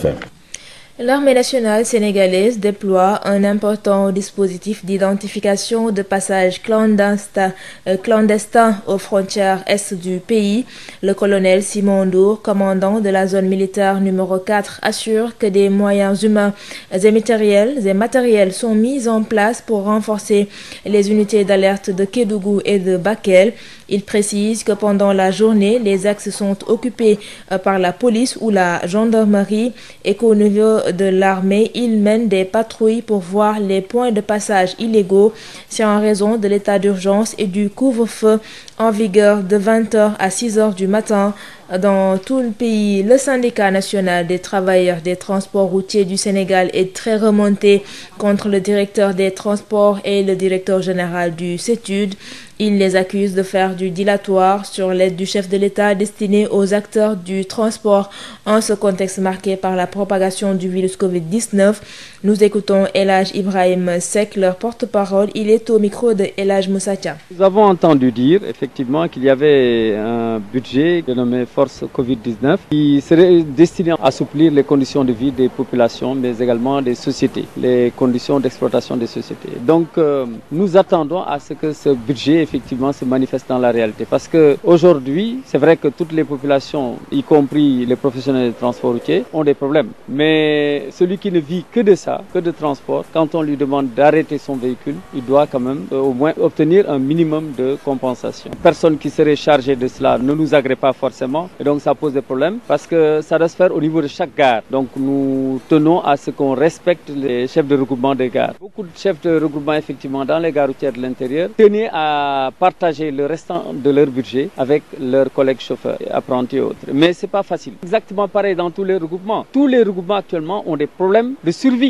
L'armée nationale sénégalaise déploie un important dispositif d'identification de passage clandestins, euh, clandestins aux frontières est du pays. Le colonel Simon Ndour, commandant de la zone militaire numéro 4, assure que des moyens humains et et matériels sont mis en place pour renforcer les unités d'alerte de Kédougou et de Bakel. Il précise que pendant la journée, les axes sont occupés euh, par la police ou la gendarmerie et qu'au niveau de l'armée, ils mènent des patrouilles pour voir les points de passage illégaux. C'est en raison de l'état d'urgence et du couvre-feu en vigueur de 20 à 6h du matin dans tout le pays. Le syndicat national des travailleurs des transports routiers du Sénégal est très remonté contre le directeur des transports et le directeur général du Il les accuse de faire du dilatoire sur l'aide du chef de l'État destinée aux acteurs du transport en ce contexte marqué par la propagation du virus Covid-19. Nous écoutons Elage Ibrahim Sek, leur porte-parole. Il est au micro de Elage Moussatia. Nous avons entendu dire effectivement qu'il y avait un budget dénommé Force Covid-19 de vie des populations, mais également des sociétés, euh, que ce budget effectivement se la réalité. Parce que aujourd'hui, c'est vrai que les populations, y compris les professionnels d'État que de transport, quand on lui demande d'arrêter son véhicule, il doit quand même euh, au moins obtenir un minimum de compensation. Personne qui serait chargée de cela ne nous agrée pas forcément et donc ça pose se faire au niveau de chaque gare. nous tenons à ce qu'on respecte les chefs de regroupement des gares. de l'intérieur tenaient à partager le restant de leur budget avec leurs collègues chauffeurs, apprentis et autres. Mais c'est pas facile. dans tous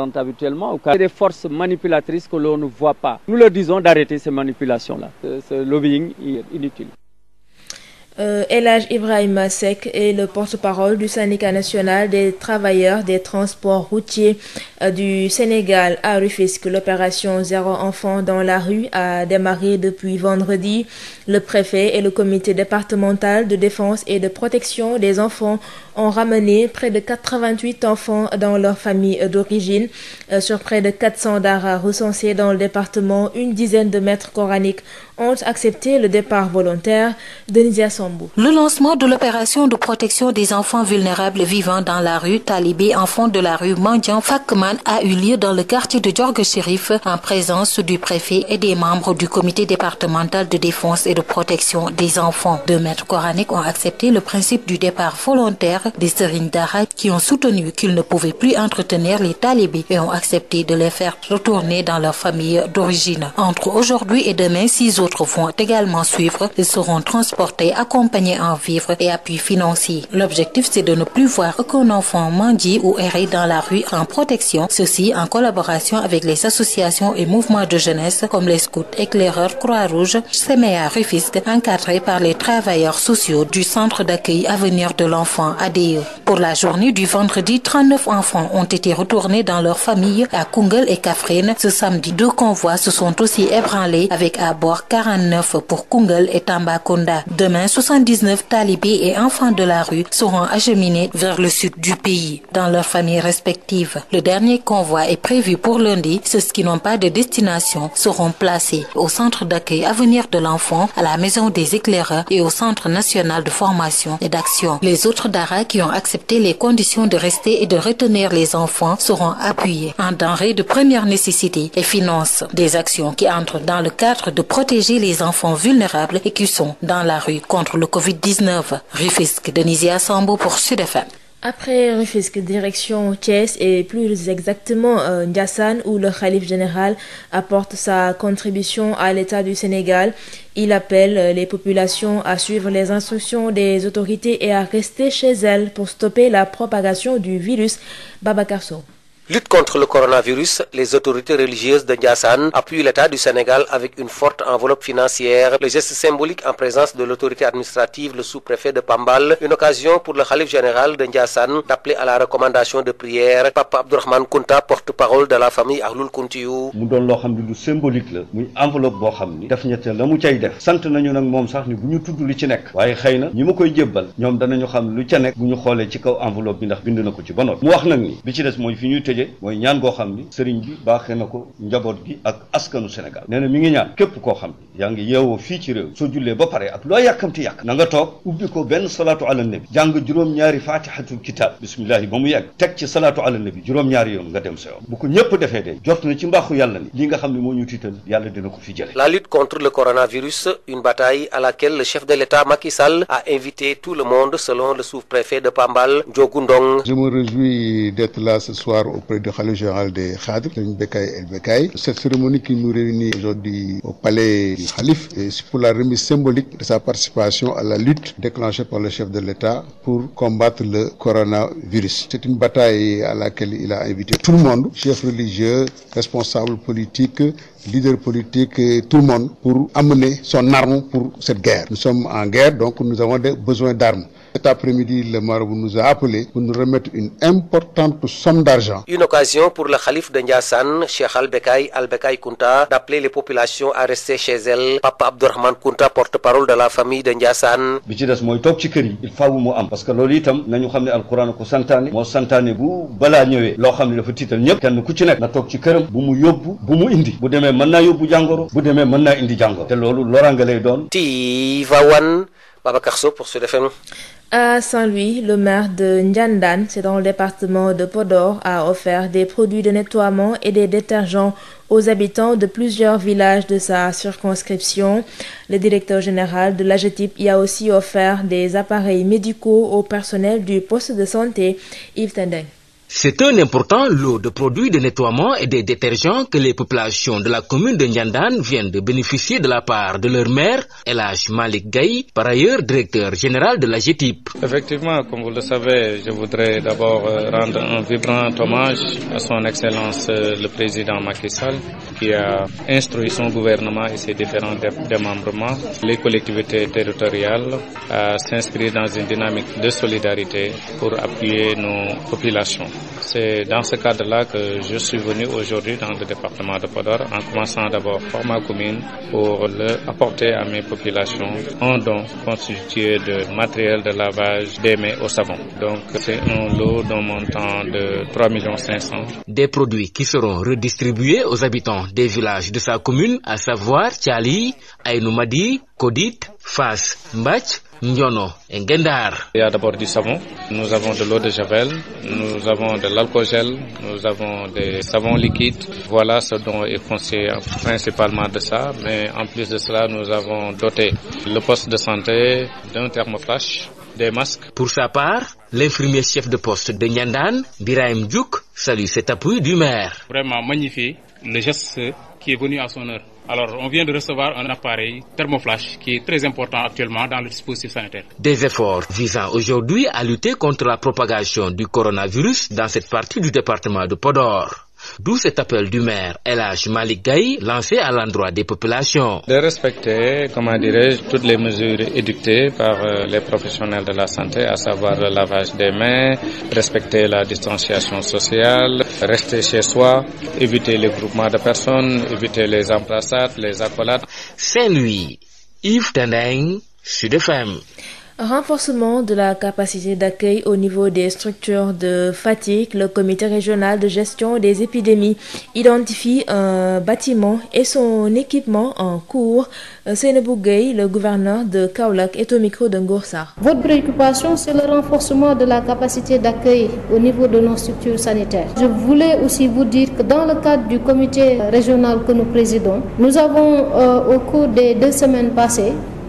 apparente habituellement au cas des forces manipulatrices que l'on ne voit pas. Nous leur disons d'arrêter ces manipulations-là. Euh, ce lobbying est inutile. Euh, El Hadj Ibrahima Seck est le porte-parole du syndicat national des travailleurs des transports routiers euh, du Sénégal à Rufisque. L'opération Zéro enfant dans la rue a démarré depuis vendredi. Le préfet et le comité départemental de défense et de protection des enfants ont ramené près de 88 enfants dans leur famille d'origine. Euh, sur près de 400 daara recensés dans le département, une dizaine de maîtres coraniques ont accepté le départ volontaire de Nizia Sambou. Le lancement de l'opération de protection des enfants vulnérables vivant dans la rue Talibé, enfants de la rue Mandian Fakman, a eu lieu dans le quartier de Djorgue Chérif en présence du préfet et des membres du comité départemental de défense et de protection des enfants. Deux maîtres coraniques ont accepté le principe du départ volontaire des Serigne qui ont soutenu qu'ils ne pouvaient plus entretenir les talibés et ont accepté de les faire retourner D'autres vont également suivre. Ils seront transportés, accompagnés en vivres et appuis financiers. L'objectif, c'est de ne plus voir aucun enfant mendier ou errer dans la rue en protection. Ceci en collaboration avec les associations et mouvements de jeunesse comme les scouts Croix-Rouge, CMEA Rufisque, encadrés par les travailleurs sociaux du Centre d'accueil Avenir de l'enfant ADE. Pour la journée du vendredi, enfants ont été retournés dans leur 49 pour Koungheul et Tambacounda. Demain, 79 talibés et enfants de la rue seront acheminés vers le sud du pays, dans leurs familles respectives. Le dernier convoi est prévu pour lundi. Ceux qui n'ont pas de destination seront placés au centre d'accueil Avenir de l'enfant, à la maison des éclaireurs et au centre national de formation et d'action. Les autres daras qui ont accepté les conditions de rester et de retenir les enfants seront appuyés en denrées de première protéger les enfants vulnérables et qui sont dans la rue contre le Covid-19. Rufisque Sambo pour Sud FM. Après Rufisque, direction Thiès et plus exactement euh, Ndiassane où le Khalif général apporte sa contribution à l'État du Sénégal. Il appelle euh, les populations à suivre les instructions des autorités et à rester chez elles pour stopper la propagation du virus Lutte contre le coronavirus, les autorités religieuses de Ndiassane appuient l'État du Sénégal avec une forte enveloppe financière. Le geste symbolique en présence de l'autorité administrative, le sous-préfet de Pambal, une occasion pour le khalife général de Ndiassane d'appeler à la recommandation de prière. Papa Abdourahmane Kounta, porte-parole de la famille Ahlul Kountiou. mu doon loo xam ne du symbolique la muy enveloppe boo xam ni def ñetteel la mu cay def mooy ñaan goo xam ni sëriñ bi baaxee na ko njaboot gi ak askanu senegal nee na mi ngi ñaan képp koo xam ni yaa ngi yeewoo fii ci réew soo jullee ba pare ak loo yàkkamti yàkk na nga toog ubbi ko benn salaatu al nabi jàng juróom-ñaari fatihatul kitab bismillahi ba mu yegg teg ci salaatu ala nabi juróom-ñaari yoon nga dem sa yoon bu ko ñëpp defee de jot na ci mbaaxu yàlla ni li nga xam ne moo ñu tiital yàlla dina ko fi jële la lutte contre le coronavirus une bataille à laquelle le chef de l'État Macky Sall a invité tout le monde selon le sous-préfet de Pambal Ndiogou Ndong je me réjouis d'être là ce soir auprès du Khalif général des Khadr, Serigne Bekay El Bekay. Cette cérémonie qui nous réunit au palais Khalif pour la remise symbolique de sa participation à la lutte déclenchée par le chef de l'État pour combattre le coronavirus. C'est une bataille à laquelle il a invité tout le monde, chefs religieux, responsables politiques, leaders politiques, tout le monde pour amener son arme pour cette guerre. Nous sommes en guerre, donc nous avons besoin d'armes. Cet après-midi, le marabout nous a appelés pour nous remettre une importante somme d'argent. Une occasion pour le calife de Ndiassane, Cheikh Albekaï Albekaï Kunta, d'appeler les populations à rester chez elles. Papa Abdourahmane Kunta, porte-parole de la famille de Ndiassane. bi ci des mooy toog ci kër yi. il faut mu am parce que loolu itam nañu xam ne alquran ko santaane. moo santaane bu balaa ñëwee. loo xam ne dafa tiital ñëpp. kenn ku nekk na toog ci këram. bu mu yóbbu bu mu indi. bu demee mën indi jàngoro. te Babacar Sow pour Sud À Saint-Louis, le maire de Ndiandane, c'est dans le département de Podor, a offert des produits de nettoiement et des détergents aux habitants de plusieurs villages de sa circonscription. Le directeur général de l'AGETIP y a aussi offert des appareils médicaux au personnel du poste de santé Yves C'est un important lot de produits de nettoiement et des détergents que les populations de la commune de Ndiandane viennent de bénéficier de la part de leur maire, Elhaj Malik Gaye, par ailleurs directeur général de la GETIP. Effectivement, comme vous le savez, je voudrais d'abord euh, rendre un vibrant hommage à son Excellence euh, le Président Macky Sall qui a instruit son gouvernement et ses différents démembrements, les collectivités territoriales, à s'inscrire dans une dynamique solidarité pour appuyer nos C'est dans ce cadre-là que je suis venu aujourd'hui dans le département de Podor en commençant d'abord par commune pour le apporter à mes populations un don constitué de matériel de lavage des mains au savon. Donc c'est un lot d'un montant de Des produits qui seront redistribués aux habitants des villages de sa commune, à savoir Tchali, Aïnoumadi, Kodit, Fas, Mbach, Nyono et Gendar. Il a d'abord du savon, nous avons de l'eau de javel, nous avons de l'alcool gel, nous avons des savons liquides. Voilà ce dont est foncé principalement de ça, mais en plus de cela, nous avons doté le poste de santé d'un thermoflash des masques. Pour sa part, l'infirmier chef de poste de Nyandan, Biraim Djouk, salue cet appui du maire. Vraiment magnifique, le geste qui est venu à son heure. Alors, on vient de recevoir un appareil thermoflash qui est très important actuellement dans le dispositif sanitaire. Des efforts visant aujourd'hui à lutter contre la propagation du coronavirus dans cette partie du département de Podor. D'où cet appel du maire El Hadj Malick lancé à l'endroit des populations. De respecter, comment dirais-je, toutes les mesures édictées par euh, les professionnels de la santé, à savoir le lavage des mains, respecter la distanciation sociale, rester chez soi, éviter les groupements de personnes, éviter les embrassades, les accolades. Saint-Louis, Yves Tendeng, Sud FM. Renforcement de la capacité d'accueil au niveau des structures de fatigue, le comité régional de gestion des épidémies identifie un bâtiment et son équipement en cours. Euh, Seynabou Gueye, le gouverneur de Kaolack, est au micro de Ngor Sarr. Votre préoccupation, c'est le renforcement de la capacité d'accueil au niveau de nos structures sanitaires. Je voulais aussi vous dire que dans le cadre du comité régional que nous présidons, nous avons euh, au cours des deux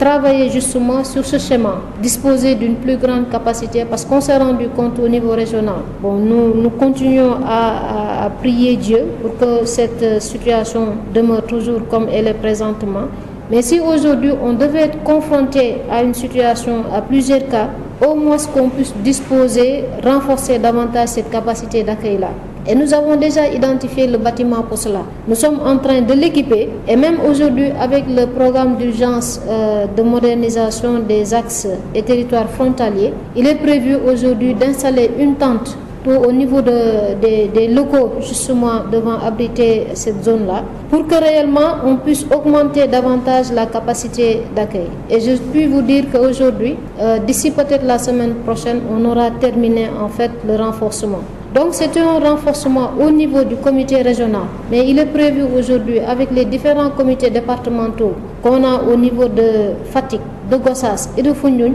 travailler justement sur ce schéma, disposer d'une plus grande capacité, parce qu'on s'est rendu compte au niveau régional. Bon, nous, nous continuons à, à, à, prier Dieu pour que cette situation demeure toujours comme elle est présentement. Mais si aujourd'hui on devait être confronté à une situation, à plusieurs cas, au moins qu'on puisse disposer, renforcer davantage cette capacité d'accueil-là. Et nous avons déjà identifié le bâtiment pour cela. Nous sommes en train de l'équiper et même aujourd'hui avec le programme d'urgence euh, de modernisation des axes et territoires frontaliers, il est prévu aujourd'hui d'installer une tente pour, au niveau de, des, des locaux justement devant abriter cette zone-là, pour que réellement on puisse augmenter davantage la capacité d'accueil. Et je puis vous dire qu'aujourd'hui, euh, d'ici peut-être la semaine prochaine, on aura terminé en fait le renforcement. Donc c'est un renforcement au niveau du comité régional, mais il est prévu aujourd'hui avec les différents comités départementaux qu'on a au niveau de Fatick, de Gossas et de Foundiougne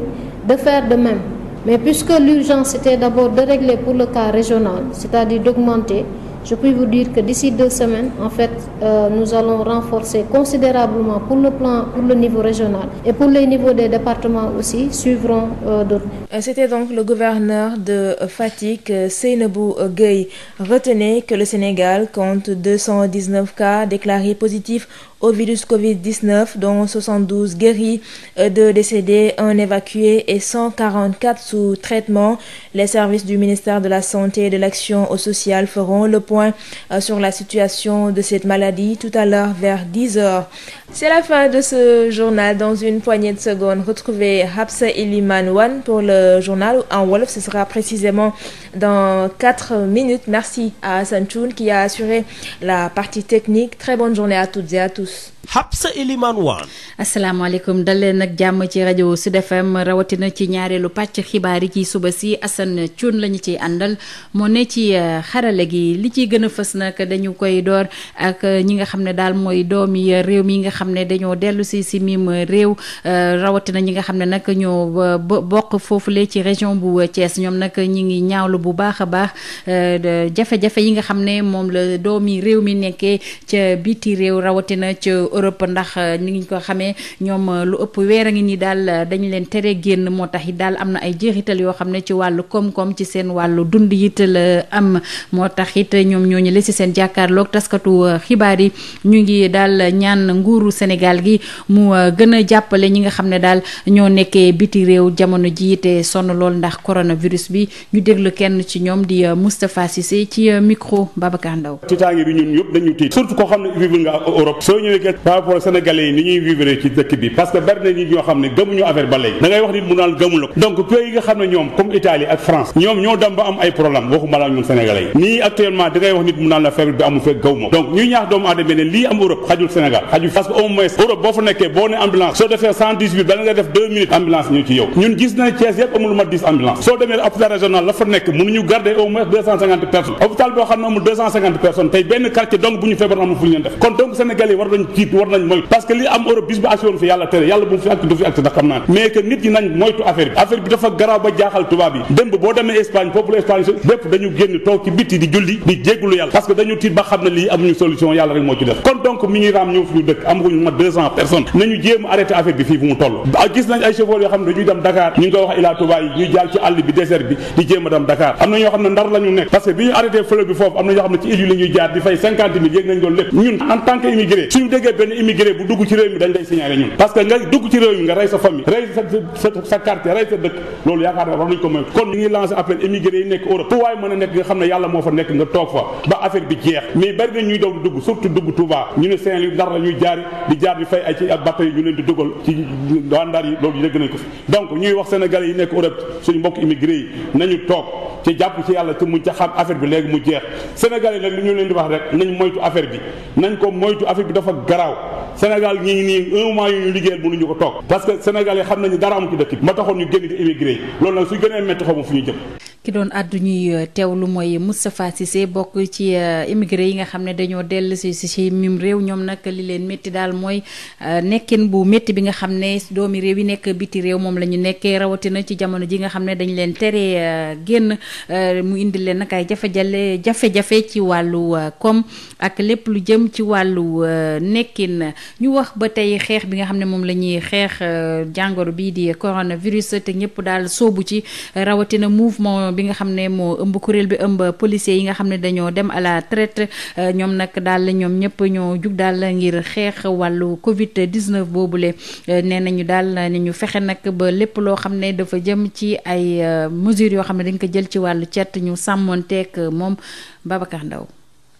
de faire de même. Mais puisque l'urgence était d'abord de régler pour le cas régional, c'est-à-dire d'augmenter Je peux vous dire que d'ici deux semaines, en fait, euh, nous allons renforcer pour le plan, pour le niveau régional et pour les niveaux des départements aussi, suivront euh, d'autres. Euh, c'était donc le gouverneur de euh, Fatick, euh, Seynabou Gueye. Retenez que le Sénégal compte 219 cas déclarés positifs au virus Covid-19, dont 72 guéris, 2 euh, décédés, 1 évacué et 144 sous traitement. Les services du ministère de la Santé et de l'Action sociale feront le euh, la situation de cette maladie tout à l'heure la fin de ce journal. Dans une poignée de secondes, retrouvez Hapsa Iliman Wan pour le journal en wolof. Ce sera précisément dans 4 minutes. Merci à Hassan Choun qui a assuré la partie technique. Très bonne à toutes et Diouf. Habsa Elimane Wane. asalaamaaleykum dal leen nag jàmm ci rajo Sud FM rawatina ci ñaareelu pàcc xibaar yi ci suba si Assane coon la ñu ciy àndal moo ne ci euh, xarale gi li ciy gën a fës nag dañu koy door ak euh, ñi nga xam ne daal mooy doomi réew mi nga xam ne dañoo dellu si si mim réew euh, rawatina ñi nga xam ne nag ñoo bokk foofule ci région bu Thiès ñoom nag ñi ngi ñaawlu bu baax a baax jafe-jafe yi nga xam ne moom la doomi réew mi nekkee ca biti réew rawatina. ca Europe ndax euh, ni ngi ko xamee ñoom euh, lu ëpp weer a ngi nii daal euh, dañu leen tere génn moo tax yi daal am na ay jeexital yoo xam ne ci wàllu koom-koom ci seen wàllu dund it la am moo tax it ñoom ñooñu la si seen jàkkaarloog taskatu xibaar yi ñu ngi daal ñaan nguuru Sénégal gi mu gën a jàppale ñi nga xam ne daal ñoo nekkee biti réew jamono jii te sonn lool ndax coronavirus bi ñu déglu kenn ci ñoom di Moustapha Cissé ci micro Babacar ñëwee gerte par rapport sénégalais yi ni ñuy vivre ci dëkk bi parce que bari na nit ñoo xam ne gëmuñu affaire ba léegi da ngay wax nit mu naan gëmu la ko donc pays yi nga xam ne ñoom comme Italie ak France ñoom ñoo dem ba am ay problème waxuma la ñun sénégalais yi nii actuellement da ngay wax nit mu naan la feebar bi amul fekk gëw ma donc ñuy ñaax doomu aadama ne lii am Europe xajul Sénégal xajul parce que au moins Europe boo fa nekkee boo ne ambulance soo defee cent dix huit bala nga def deux minutes ambulance ñu ci yow ñun gis na Thiès yëpp amul ma dix ambulance soo demee hôpital régional la fa nekk mënuñu garder au moins deux cent cinquante personnes hôpital boo xam ne amul deux cent cinquante personnes tey benn quartier donc bu ñu feebar amul fu ñu leen def kon donc sénégalais yi war nañ parce que li am Europe bis bu action fi yàlla bu mu fi ak du moytu affaire bi dafa garaaw ba jaaxal tubaab yi démb boo demee Espagne peuple Espagne bépp dañu génn toog ci bitti di julli di jéggulu yàlla parce que dañu tiit ba xam ne lii amuñu solution yàlla rek moo ci def kon donc mi raam ñëw fi ñu dëkk amaguñu ma deux cent personnes nañu jéem arrêté affaire bi fii fu mu toll gis nañ ay chauffeurs yoo xam ne dañuy dem Dakar ñu ngi ñu déggee benn immigré bu dugg ci réew mi dañ lay signalé ñun parce nga dugg ci réew mi nga rey sa famille rey sa sa rey sa dëkk loolu yaakaar nañ ko moytu affaire bi nañ ko moytu affaire bi dafa garaaw Sénégal ñi ngi nii un mois yu ñu liggéeyal mënuñu ko toog parce que sénégalais xam nañu dara amu ci dëkk bi ma ñu génn di émigré loolu nag su gënee métti xamu fu ñu jëm ki doon àddu ñuy euh, teewlu mooy Moustapha Cissé bokk ci euh, immigré yi nga xam ne dañoo dellu si si mim réew ñoom nag li leen métti daal mooy euh, nekkin bu métti bi nga xam ne doomi réew yi nekk biti réew moom la ñu nekkee rawatina ci jamono ji nga xam ne dañ leen tere génn mu indi leen nag ay jafe-jale jafe-jafe ci wàllu koom ak lépp lu jëm ci wàllu nekkin ñu wax ba tey xeex bi nga xam ne moom la ñuy xeex jàngoro bii di coronavirus te ñëpp daal soobu ci rawatina mouvement bi nga xam ne moo ëmb kuréel bi ëmb policiers yi nga xam ne dañoo dem à la traite euh, ñoom nag daal ñoom ñëpp ñoo jug daal ngir xeex wàllu Covid boobu boobule euh, nee ñu daal ne ñu fexe nag ba lépp loo xam ne dafa jëm ci ay euh, mesures yoo xam ne dañ ko jël ci wàllu cet ñu sàmmoon sàmmonteeg moom Babacar Ndaw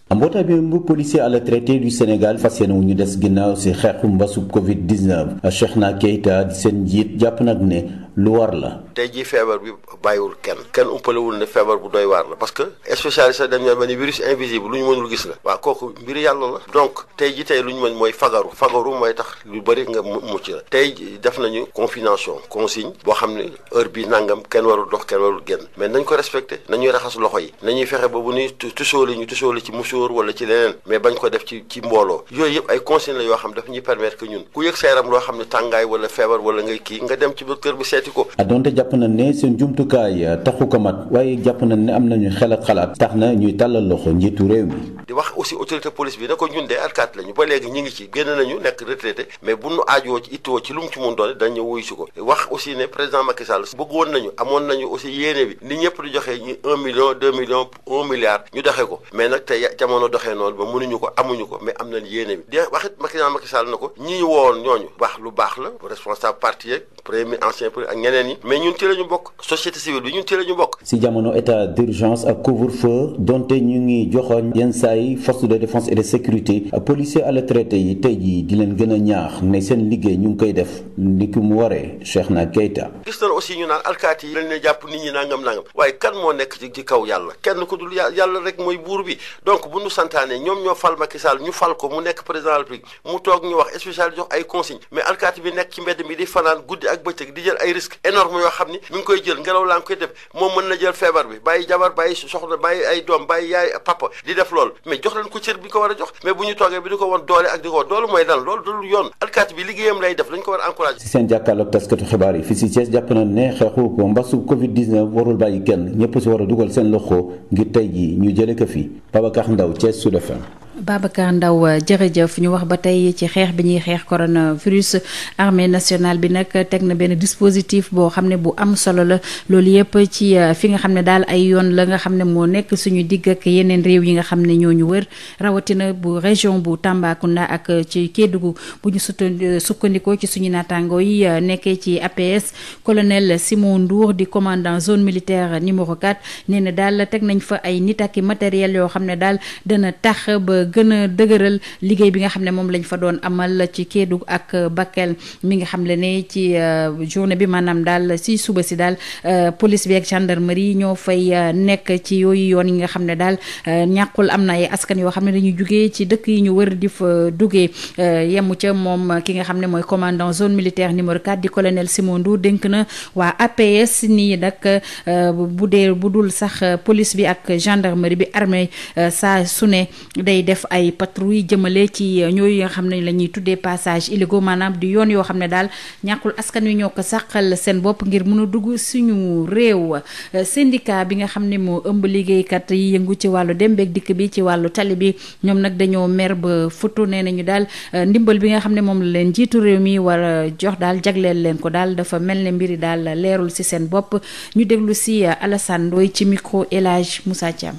mbootaay bi bu policier à la traité du Sénégal fas yéene wu ñu des ginnaaw si xeexu mbasub Covid 19 Cheikhna Keita di seen njiit jàpp nag ne. lu war la. tey jii feebar bi bàyyiwul kenn. kenn umpalewul ne feebar bu doy waar la parce que spécialiste dañ ñoo ba ni virus invisible lu ñu mënul gis la. waaw kooku mbir yàlla la. donc tey jii tey lu ñu mën mooy fagaru. fagaru mooy tax lu bëri nga mucc la. tey def nañu confination consigne boo xam ne heure bi nangam kenn warul dox kenn warul génn mais nañ ko respecté nañuy raxas loxo yi nañuy fexe ba bu ñuy tusóoli ñu tusóoli ci musóor wala ci leneen mais bañ ko def ci ci mbooloo yooyu yëpp yoo xam daf ñuy permettre ñun ku yëg sa xam ne tàngaay wala feebar wala ngay kii nga dem ci docteur bi seet yëkkati ko ah, donte jàpp na ne seen jumtukaay ah, taxu ko mat waaye jàpp na ne am nañu xel ak xalaat tax na ñuy tàllal loxo njiitu réew mi di wax aussi autorité police bi na ko ñun de alkaat lañu ba léegi ñu ngi ci génn nañu nekk retraité mais bu nu aajoo ci ittoo ci lu mu ci mun doole dañu wuyu si ko wax aussi ne président Macky Sall bëggoon nañu amoon nañu aussi yéene bi ni ñëpp di joxee ñu un million deux millions un milliard ñu doxee ko mais nag tey jamono doxee noonu ba mënuñu ak ñeneen yi mais ñun ci ñu bokk société civile bi ñun ci ñu bokk. si jamono état d'urgence ak couvre-feu donte ñu ngi joxoon yenn saa force de défense et de sécurité policiers à la yi tey jii di leen gën a ñaax ne seen liggéey ñu ngi koy def ni ki mu waree Cheikh na Keita. gis nañu aussi ñu naan alkaati yi dañ ne jàpp nit ñi nangam nangam waaye kan moo nekk ci kaw yàlla kenn ku dul yàlla rek mooy buur bi donc bu ñu santaane ñoom ñoo fal Macky Sall ñu fal ko mu nekk président de la République risque yoo xam ni mi ngi koy jël ngelaw laa ngi koy def moom mën na jël feebar bi bàyyi jabar bàyyi soxna bàyyi ay doom bàyyi yaay papa di def loolu mais jox ko cër war a jox mais bu ñu toogee bi di ko won doole ak di ko doolu mooy dal loolu dalul yoon alkaati bi liggéeyam lay def dañ ko war a encouragé si seen jàkkaarloog taskatu xibaar yi fii si Thiès jàpp na ne xeexu ko mbasu covid 19 warul bàyyi kenn ñëpp si war a dugal seen loxo ngir tey ji ñu jële ko fi Babacar Ndaw Thiès Sud FM Babacar Ndao jërëjëf ñu wax ba tey ci xeex bi ñuy xeex coronavirus armée nationale bi nag teg na benn dispositif boo xam ne bu am solo la loolu yëpp ci euh, fi nga xam ne daal ay yoon la nga xam ne moo nekk suñu digg yeneen réew yi nga xam ne ñoo ñu wër rawatina bu région bu Tambacounda ak euh, ci Kédougou bu ñu euh, sukkandikoo ci suñu naataangoo yi nekkee ci APS colonel Simon Ndour di commandant zone militaire numéro 4 daal teg nañ fa ay nit ak matériel yoo xam ne daal dana tax ba. gën a dëgëral liggéey bi nga xam ne moom lañ fa doon amal ci Kédougou ak Bakel mi nga xam le ne ci euh, journée bi maanaam daal si suba si daal euh, police bi ak yi ñoo fay euh, nekk ci yooyu yoon yi nga xam ne daal ñàkkul am na ay askan yoo xam ne dañuy jugee ci dëkk yi ñu wër di fa duggee yemu ca moom ki nga xam ne mooy commandant zone militaire numéro 4 di colonel Simondou dénk na waa APS nii nag bu dee bu dul sax police bi ak gendarmerie bi armée saa def ay patrouille jëmale ci euh, ñooyu nga xam ne yoon yoo xam ne daal ñàkkul askan wi ñoo ko sàqal seen bopp ngir mën a dugg suñu réew euh, syndicat bi nga xam ne moo ëmb liggéeykat yi yëngu ci wàllu dem beeg dikk bi ci wàllu tali bi ñoom nag dañoo mer ba futu nee nañu daal euh, ndimbal bi nga xam ne moom la leen jiitu réew mi war jox daal jagleel leen ko daal dafa mel ne mbiri daal leerul ci seen bopp ñu déglu ci Alassane Ndoye ci micro élage Moussa Thiam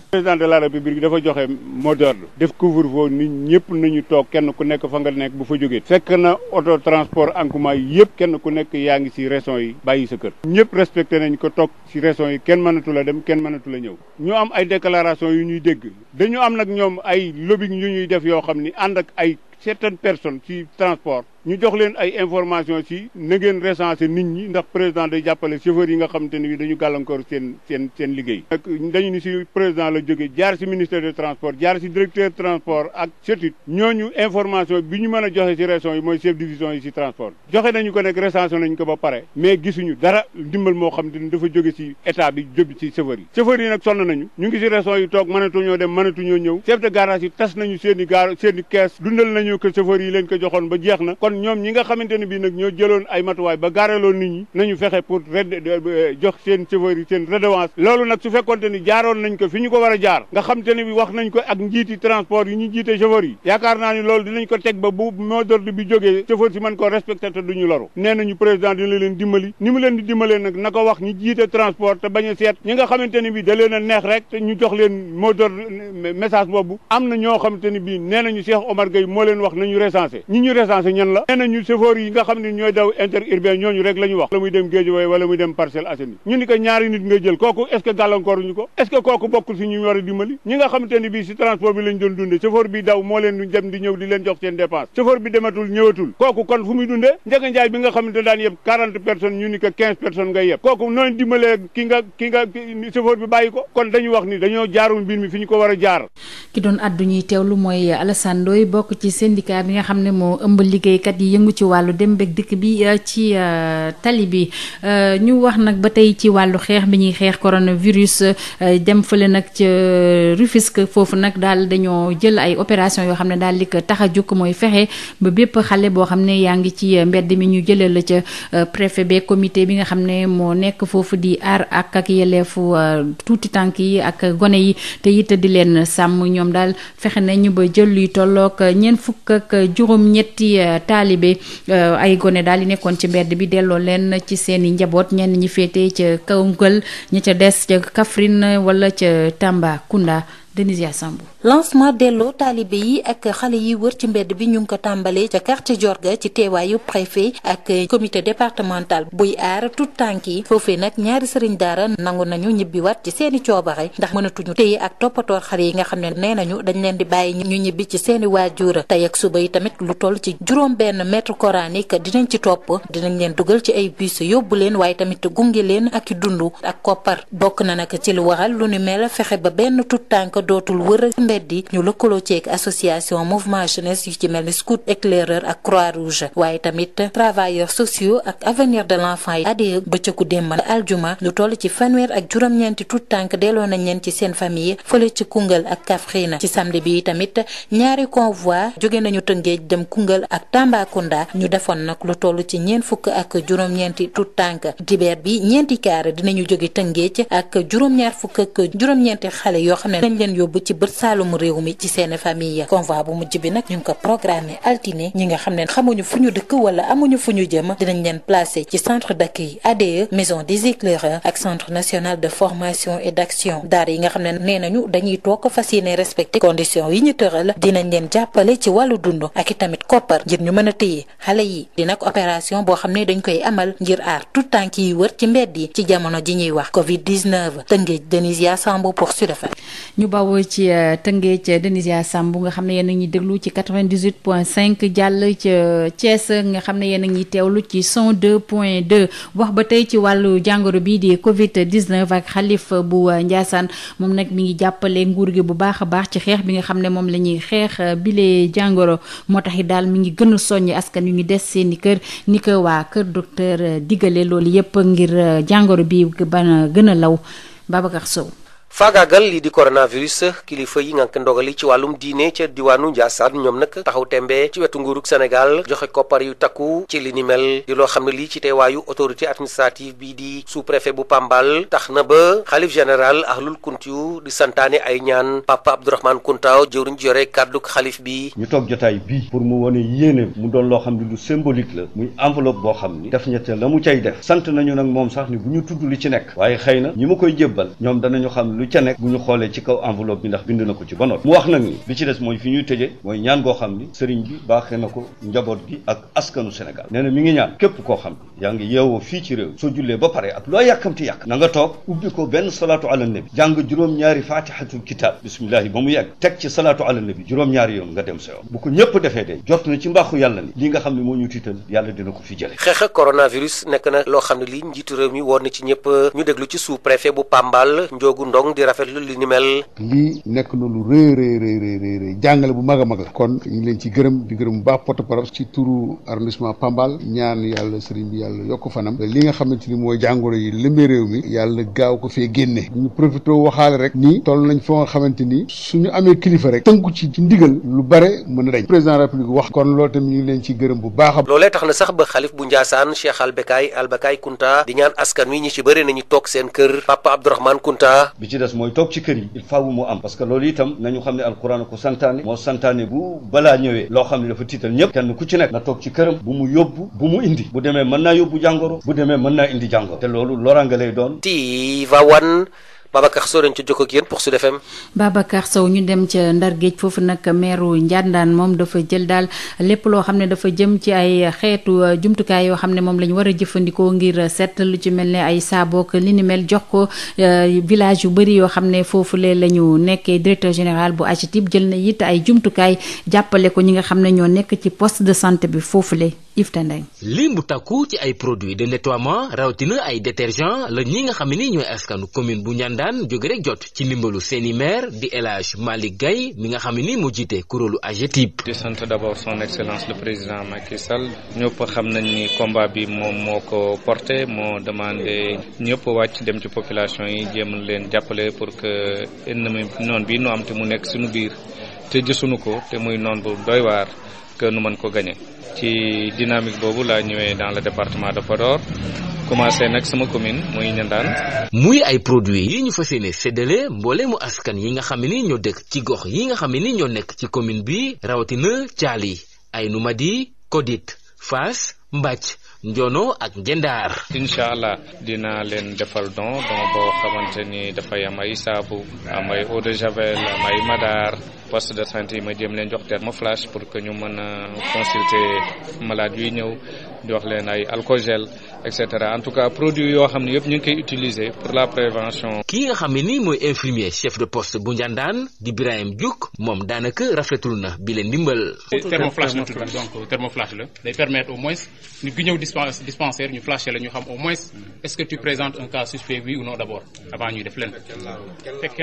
couvre-feu nit ñëpp nañu toog kenn ku nekk fa nga nekk bu fa jógee fekk na auto transport en commun yëpp kenn ku nekk yaa ngi ci raison yi bàyyi sa kër ñëpp respecté nañ ko toog ci raison yi kenn mënatu la dem kenn mënatu la ñëw ñu am ay déclaration yu ñuy dégg dañu am nag ñoom ay lobbying yu ñuy def yoo xam ni ànd ak ay certaines personnes ci transport ñu jox leen ay information ci na ngeen recenser nit ñi ndax président day jàppale chauffeur yi nga xamante ne bi dañu gàllankoor seen seen seen liggéey nag dañu ni si président la jóge jaar si ministère des transports jaar si directeur transport ak CETUD ñooñu information bi ñu mën a joxe si régions yi mooy chef division yi si transport joxe nañu ko nag recensé nañu ko ba pare mais gisuñu dara ndimbal moo xam te ne dafa jóge si état bi jóg si chauffeur yi chauffeur yi nag sonn nañu ñu toog mënatuñoo dem mënatuñoo ñëw chef de garage yi tas seen i seen i kees dundal nañu ko chauffeur yi leen ba jeex na ñoom ñi nga xamante ne bii nag ñoo jëloon ay matuwaay ba gaaraloon nit ñi nañu fexe pour jox seen chauffeur yi seen loolu nag su fekkonte ni jaaroon nañ ko fi ñu ko war a jaar nga xamante ne bi wax nañ ko ak njiiti transport yi ñu jiite chauffeur yi yaakaar naa ni loolu dinañ ko teg ba bu mot d'ordre bi jóge chauffeur si mën ko respecté te duñu loru nee nañu président dina leen dimbali ni mu leen di dimbalee nag na wax ñu jiite transport te bañ seet nga xamante ne bi da leen neex rek te ñu jox leen mot d'ordre message boobu am na ñoo xamante ne bii nee nañu Cheikh Omar moo leen wax nañu recensé ñi ñu recensé ñan la nee ñu chauffeur yi nga xam ne ñooy daw interurbain ñooñu rek la ñu wax wala muy dem Guédiawaye wala muy dem Parcelles Assainies ñu ni ko ñaari nit ngay jël kooku est-ce que gàllankoor ñu ko est kooku bokkul si ñu war a dimbali ñi nga xamante ne bii si transport bi lañ doon dunde chauffeur bi daw moo leen dem di ñëw di leen jox seen dépense chauffeur bi dematul ñëwatul kooku kon fu muy dunde njëga bi nga xamante daan yëpp quarante ñu ni ko quinze personnes ngay kooku ko kon wax dañoo jaarul mi fi ñu ko war a jaar ki doon addu ñuy teewlu mooy Alassane Ndoye bokk ci syndicat xam ne moo ëmb liggéey liggéeykat yi yëngu ci wàllu dem beeg dikk bi euh, ci euh, tali bi euh, ñu wax nag ba tey ci wàllu xeex bi ñuy xeex coronavirus dem fële nag ca Rufisque foofu nag daal dañoo jël ay opération yoo xam ne daal li ko tax a jukk mooy fexe ba bépp xale boo xam ne yaa ngi ci mbedd mi ñu jëlee la ca préfet be comité bi nga xam ne moo nekk foofu di aar ak ak yelleefu tuuti tànk yi ak gone yi te it di leen sàmm ñoom daal fexe nañu ba jël luy tolloog ñeent fukk ak juróom-ñetti taalibe euh, ay gone daal yi nekkoon ci mbedd bi delloo leen ci seen i njaboot ñenn ñi féete ca Koungheul ñi ca des ca kafrin wala ca Tambacounda Denise Yassambu lancement delloo taalibe yi ak xale yi wër ci mbedd bi ñu ngi ko tàmbalee ca quartier Diorga ci teewaayu préfet ak comité départemental buy aar tout tànk yi foofee nag ñaari sëriñ daara nangu nañu ñibbiwaat ci seeni coobare ndax mënatuñu téye ak toppatoor xale yi nga xam ne nee ñu dañ leen di bàyyi ñu ñibbi ci seeni waajur tey ak suba yi tamit lu toll ci juróom benn maître coranique dinañ ci topp dinañ leen dugal ci ay bus yóbbu leen waay tamit gunge leen ak i dootul wër mbedd yi ñu lëkkaloo ceeg association mouvement jeunesse yu ci mel ni scout éclaireur ak croix rouge waaye tamit travailleurs sociaux ak avenir de l'enfant yi adee bëccëgu démb aljuma lu toll ci fanweer ak juróom-ñeenti tout tànk delloo nañ leen ci seen famille fële ci Koungheul ak Kaffrine ci samedi bi tamit ñaari convoi joge nañu Tëngéej dem Koungheul ak Tambacounda ñu defoon nag lu toll ci ñeent fukk ak juróom-ñeenti tout tànk dibeer bi ñeenti kaar dinañu jóge Tëngéej ak juróom-ñaar ak juróom-ñeenti leen yóbbu ci bët saalumu réew mi ci seen famille convoi bu mujj bi nag ñu ngi ko programmé altine ñi nga xam ne xamuñu fu ñu dëkk wala amuñu fu ñu jëm dinañ leen placé ci centre d'accueil ADE maison des éclaireurs ak centre national de formation et d'action daara yi nga xam ne nee nañu dañuy toog fas yéene respecté condition yi ñu tëral dinañ leen jàppale ci wàllu dund ak itamit koppar ngir ñu mën a téye xale yi dina ak opération boo xam ne dañ koy amal ngir aar tout tànk yi wër ci mbedd yi ci jamono ji ñuy wax covid 19 tëngéej Denise Yassambo pour Sud FM bawoo ci euh, Tëngéej ca Denisia bu nga xam ne yéen a ngi déglu ci 98 point 5 jàll ca Thiès nga xam ne yéen a ngi teewlu ci 102 point 2 wax ba tey ci wàllu jàngoro bi di Covid 19 ak xalifa bu euh, njaasaan moom nag mi ngi jàppale nguur gi bu baax a baax ci xeex bi nga xam ne moom la ñuy xeex euh, bile jàngoro moo tax it daal mi ngi gën a soññi askan yu ñu des seen i kër ni ko waa kër docteur digale loolu yépp ngir jàngoro bi ba gën a law Babacar Sow. faagaagal lii di coronavirus kilifa yi ngànk ndogali ci wàllum diine ca diwaanu Ndiassane ñoom nag taxaw tembe ci wetu nguurug Sénégal joxe koppar yu takku ci li ni mel di loo xam ne lii ci teewaayu autorité administrative bii di sous-préfet bu Pambal tax na ba xalif général ahlul kuntiyu di santaane ay ñaan papa Abdourahmane Kuntaw jëwriñ jore kàdduk xalif bi ñu toog jotaay bii pour mu wane yéene mu doon loo xam ne lu symbolique la muy enveloppe boo xam ni def ñette mu sant nañu nag moom sax ni ñu tudd ci nekk waaye xëy na ñi ma koy jébbal ñoom lu ca nekk bu ñu xoolee ci kaw enveloppe bi ndax bind na ko ci ba noppi mu wax nag ni li ci des mooy fi ñuy tëjee mooy ñaan goo xam ni sëriñ bi baaxee na ko njaboot gi ak askanu Sénégal nee na ngi ñaan képp koo xam ni yaa ngi yeewoo fii ci réew soo jullee ba pare ak loo yàkkamti yàkk na nga toog ubbi ko benn salaatu ala nabi jàng juróom-ñaari fatihatul kitab bismillahi ba mu yegg ci salaatu ala nabi juróom-ñaari yoon nga dem sa yoon bu ko ñëpp defee de jot na ci mbaaxu yàlla ni li nga xam ne moo ñu tiital yàlla dina ko fi jële xeex ak coronavirus nekk loo xam ne lii njiitu réew na ci ñëpp ñu déglu ci sous dong di rafetlu li ni mel. lii nekk na lu rëy rëy rëy jàngale bu mag a mag la. kon ñu ngi leen ci gërëm di gërëm bu baax porte-parole ci turu arrondissement Pambal ñaan yàlla sëriñ bi yàlla yokk fanam. li nga xamante ni mooy jàngoro yi lëmbee réew mi. yàlla gaaw ko fee génne. ñu profité waxaale rek. nii toll nañ foo nga xamante ni. suñu amee kilifa rek. tënku ci ci ndigal lu bare mu a dañ. président république wax. kon loolu tamit ñu ngi leen ci gërëm bu baax a. tax na bu Ndiassane Cheikh Albekaay Albekaay Kunta di ñaan askan wi ñi ci bëri nañu ci des mooy toog ci kër yi il faut mu xam ne alquran ko santaane moo santaane bu balaa ñëwee loo xam ne dafa tiital ñëpp kenn ku ci nekk na toog ci bu mu yóbbu bu mu indi bu demee mën naa yóbbu jàngoro bu demee mën naa indi jàngoro te loolu loraanga lay doon Tivaouane Babacar Sow dañ ca jokkoo ak yéen Babacar Sow ñu dem ca Ndar Géej foofu nag meeru Njàndaan moom dafa jël daal lépp loo xam ne dafa jëm ci ay xeetu euh, jumtukaay yoo xam ne moom lañu ñu war a jëfandikoo ngir set lu ci mel ne ay saabook li ni mel jox ko euh, village yu bari yoo xam ne foofu la ñu nekkee directeur général bu AGETIP jël na it ay jumtukaay jàppale ko ñi nga xam ne ñoo nekk ci post de santé bi foofu foofulee. Yves Tendeng lim bu takku ci ay produits de nettoiement rawatina ay détergent la ñi nga xam ne ni ñooy askanu commune bu Ndiandane jóge rek jot ci ndimbalu seeni maire di El Hadj Malick Gaye mi nga xam ne ni moo jiite kuréelu AGETIP. di sant d'abord son excellence le président Macky sal ñëpp xam nañ ni combat bi moom moo ko porté moo demandé ñëpp wàcc dem ci population yi jéem leen jàppale pour que ennemi noonu bi nu am te mu nekk suñu biir te gisuñu ko te muy noon bu waar que mën ko gañe ci dynamique boobu laa ñëwee dans la département de Podor commencé nag sama commune muy Ñandaan. muy ay produits yi ñu fas yéene séddale mboolemu askan yi nga xam ni ñoo dëkk ci gox yi nga xam ni ñoo nekk ci commune bi rawatina Caali ay Numadi Kodit Fass Mbàcc Njono ak Njendaar. incha allah dina leen defal don don boo xamante ni dafay am ay saabu am ay eau de javel am ay madaar. poste de santé yi ma jëm leen jox thermoflash pour que ñu mën a consulter malade yuy ñëw jox leen ay alcogel et cetera en tout cas produit yoo xam ne yëpp ñu ngi koy utiliser pour la prévention. ki nga xam ne nii mooy infirmier chef de poste bu Ndiandaan di Birahim Diouk moom daanaka rafetul na bi leen ndimbal. thermoflash la tudd donc thermoflash la day permettre au moins nit ñëw dispensaire ñu flashé la ñu xam au moins est-ce que tu présentes un cas suspect oui ou d'abord avant ñuy def leen fekk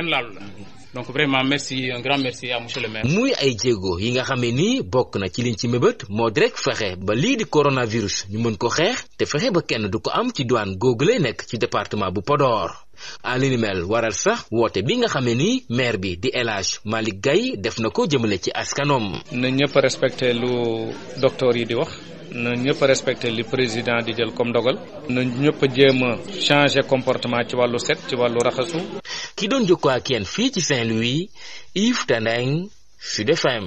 donc vraiment merci un grand merci à monsieur le muy ay jéego yi nga xam ne nii bokk na ci liñ ci mébét moo di fexe ba lii di coronavirus ñu mën ko xeex te fexe ba kenn du ko am ci douane googu lay nekk ci département bu Podor. à mel waral sax woote bi nga xam ne nii maire bi di El Hadj Malick def na ko jëmale ci askanom. na ñëpp respecté lu docteur yi di wax. na ñëpp a respecté li président di jël comme dogal na ñëpp a jéem a changé comportement ci wàllu set ci wàllu raxasu ki doon jokkoo ak yéen fii ci Saint-Louis Yves Tandeng Sud FM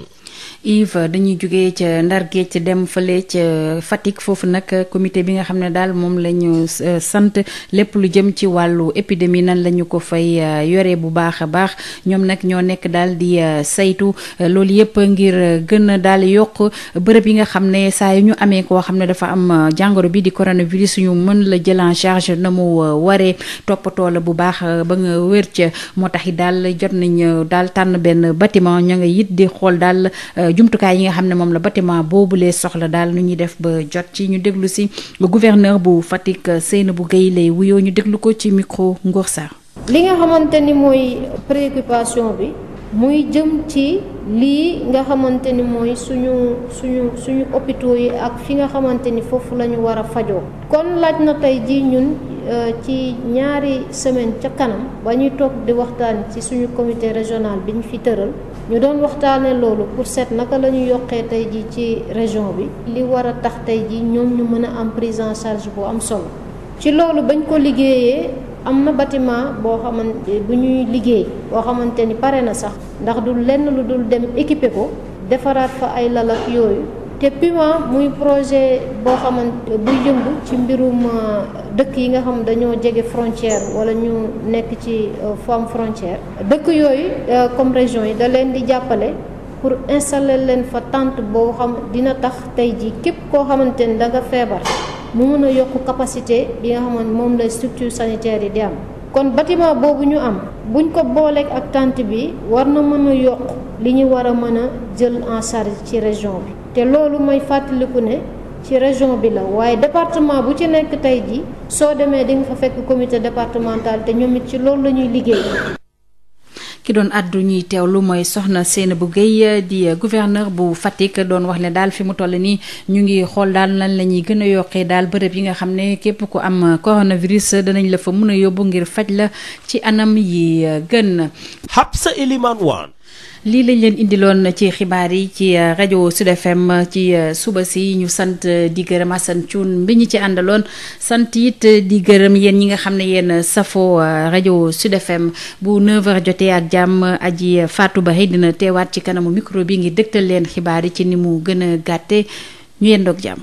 Yves dañuy jógee ca Ndar Géej dem fële ca Fatick foofu nag comité bi nga xam ne daal moom la ñu euh, sant lépp lu jëm ci wàllu épidémie nan la ñu ko fay euh, yore bu baax a baax ñoom nag ñoo nekk daal di euh, saytu loolu yëpp ngir gën a daal yokk bërëb yi nga xam ne saa yu ñu amee koo xam ne dafa am jàngoro bi di coronavirus ñu mën la jël en charge na mu waree toppatoo la bu baax ba nga wér ca moo tax it daal jot nañ daal tànn benn batiment ña nga it di xool daal Euh, jumtukaay yi nga xam ne moom la batiment boobu lee soxla daal nu ñuy def ba jot ci ñu déglu si gouverneur bu Fatick euh, bu Guèye lay wuyoo ñu déglu ko ci micro Ngor Sarr li nga xamante ni mooy préoccupation bi muy jëm ci lii nga xamante ni mooy suñu suñu suñu hôpitaux yi ak fi nga xamante ni foofu la ñu war a fajoo kon laaj na tey jii ñun euh, ci ñaari semaine ca kanam ba ñuy toog di waxtaan ci suñu comité régional bi ñu fi tëral ñu doon waxtaanee loolu pour set naka la ñu yokkee tey ji ci région bi li war a tax tey ji ñoom ñu mën a am prise en charge bu am solo ci loolu bañ ko liggéeyee am na bâtiment boo xamante bu ñuy liggéey boo xamante ni pare na sax ndax du lenn lu dul dem équiper ko defaraat fa ay lalak yooyu te PUMA muy projet boo xamante bu yëngu ci mbirum euh, dëkk yi nga xam dañoo jege frontière wala ñu nekk ci euh, forme frontière dëkk yooyu euh, comme région yi da leen di jàppale pour installer leen fa tànt boo xam dina tax tey ji képp koo xamante ni da feebar mu mën a yokk capacité bi nga xamante moom la structure sanitaire yi di am kon bâtiment boobu ñu am buñ ko booleek ak tente bi war na mën a yokk li ñu war a mën a jël en charge ci région bi te loolu mooy fàttaliku ne ci région bi la waaye département bu ci nekk tey ji soo demee di fa fekk comité départemental te ñoom ci loolu la ñuy liggéey ki doon àddu ñuy lu mooy soxna Seynabou Guèye di gouverneur bu Fatick doon wax ne daal fi mu toll nii ñu ngi xool daal lan la ñuy gën a yokkee daal bërëb yi nga xam ne képp ko am coronavirus danañ la fa mën a yóbbu ngir faj la ci anam yi gën. Habsa Elimane Wane lii lañ leen indiloon ci xibaar yi ci euh, rajo Sud FM ci euh, suba si ñu sant euh, di gërëm Assane bi ñu ci àndaloon sant yit di gërëm yéen ñi nga xam ne yéen safo rajo Sud FM bu 9h jotee ak jàmm aji Fatou Ba dina teewaat ci kanamu micro bi ngi dëgtal leen xibaar yi ci ni mu gën a gàtte ñu yendoog jàmm.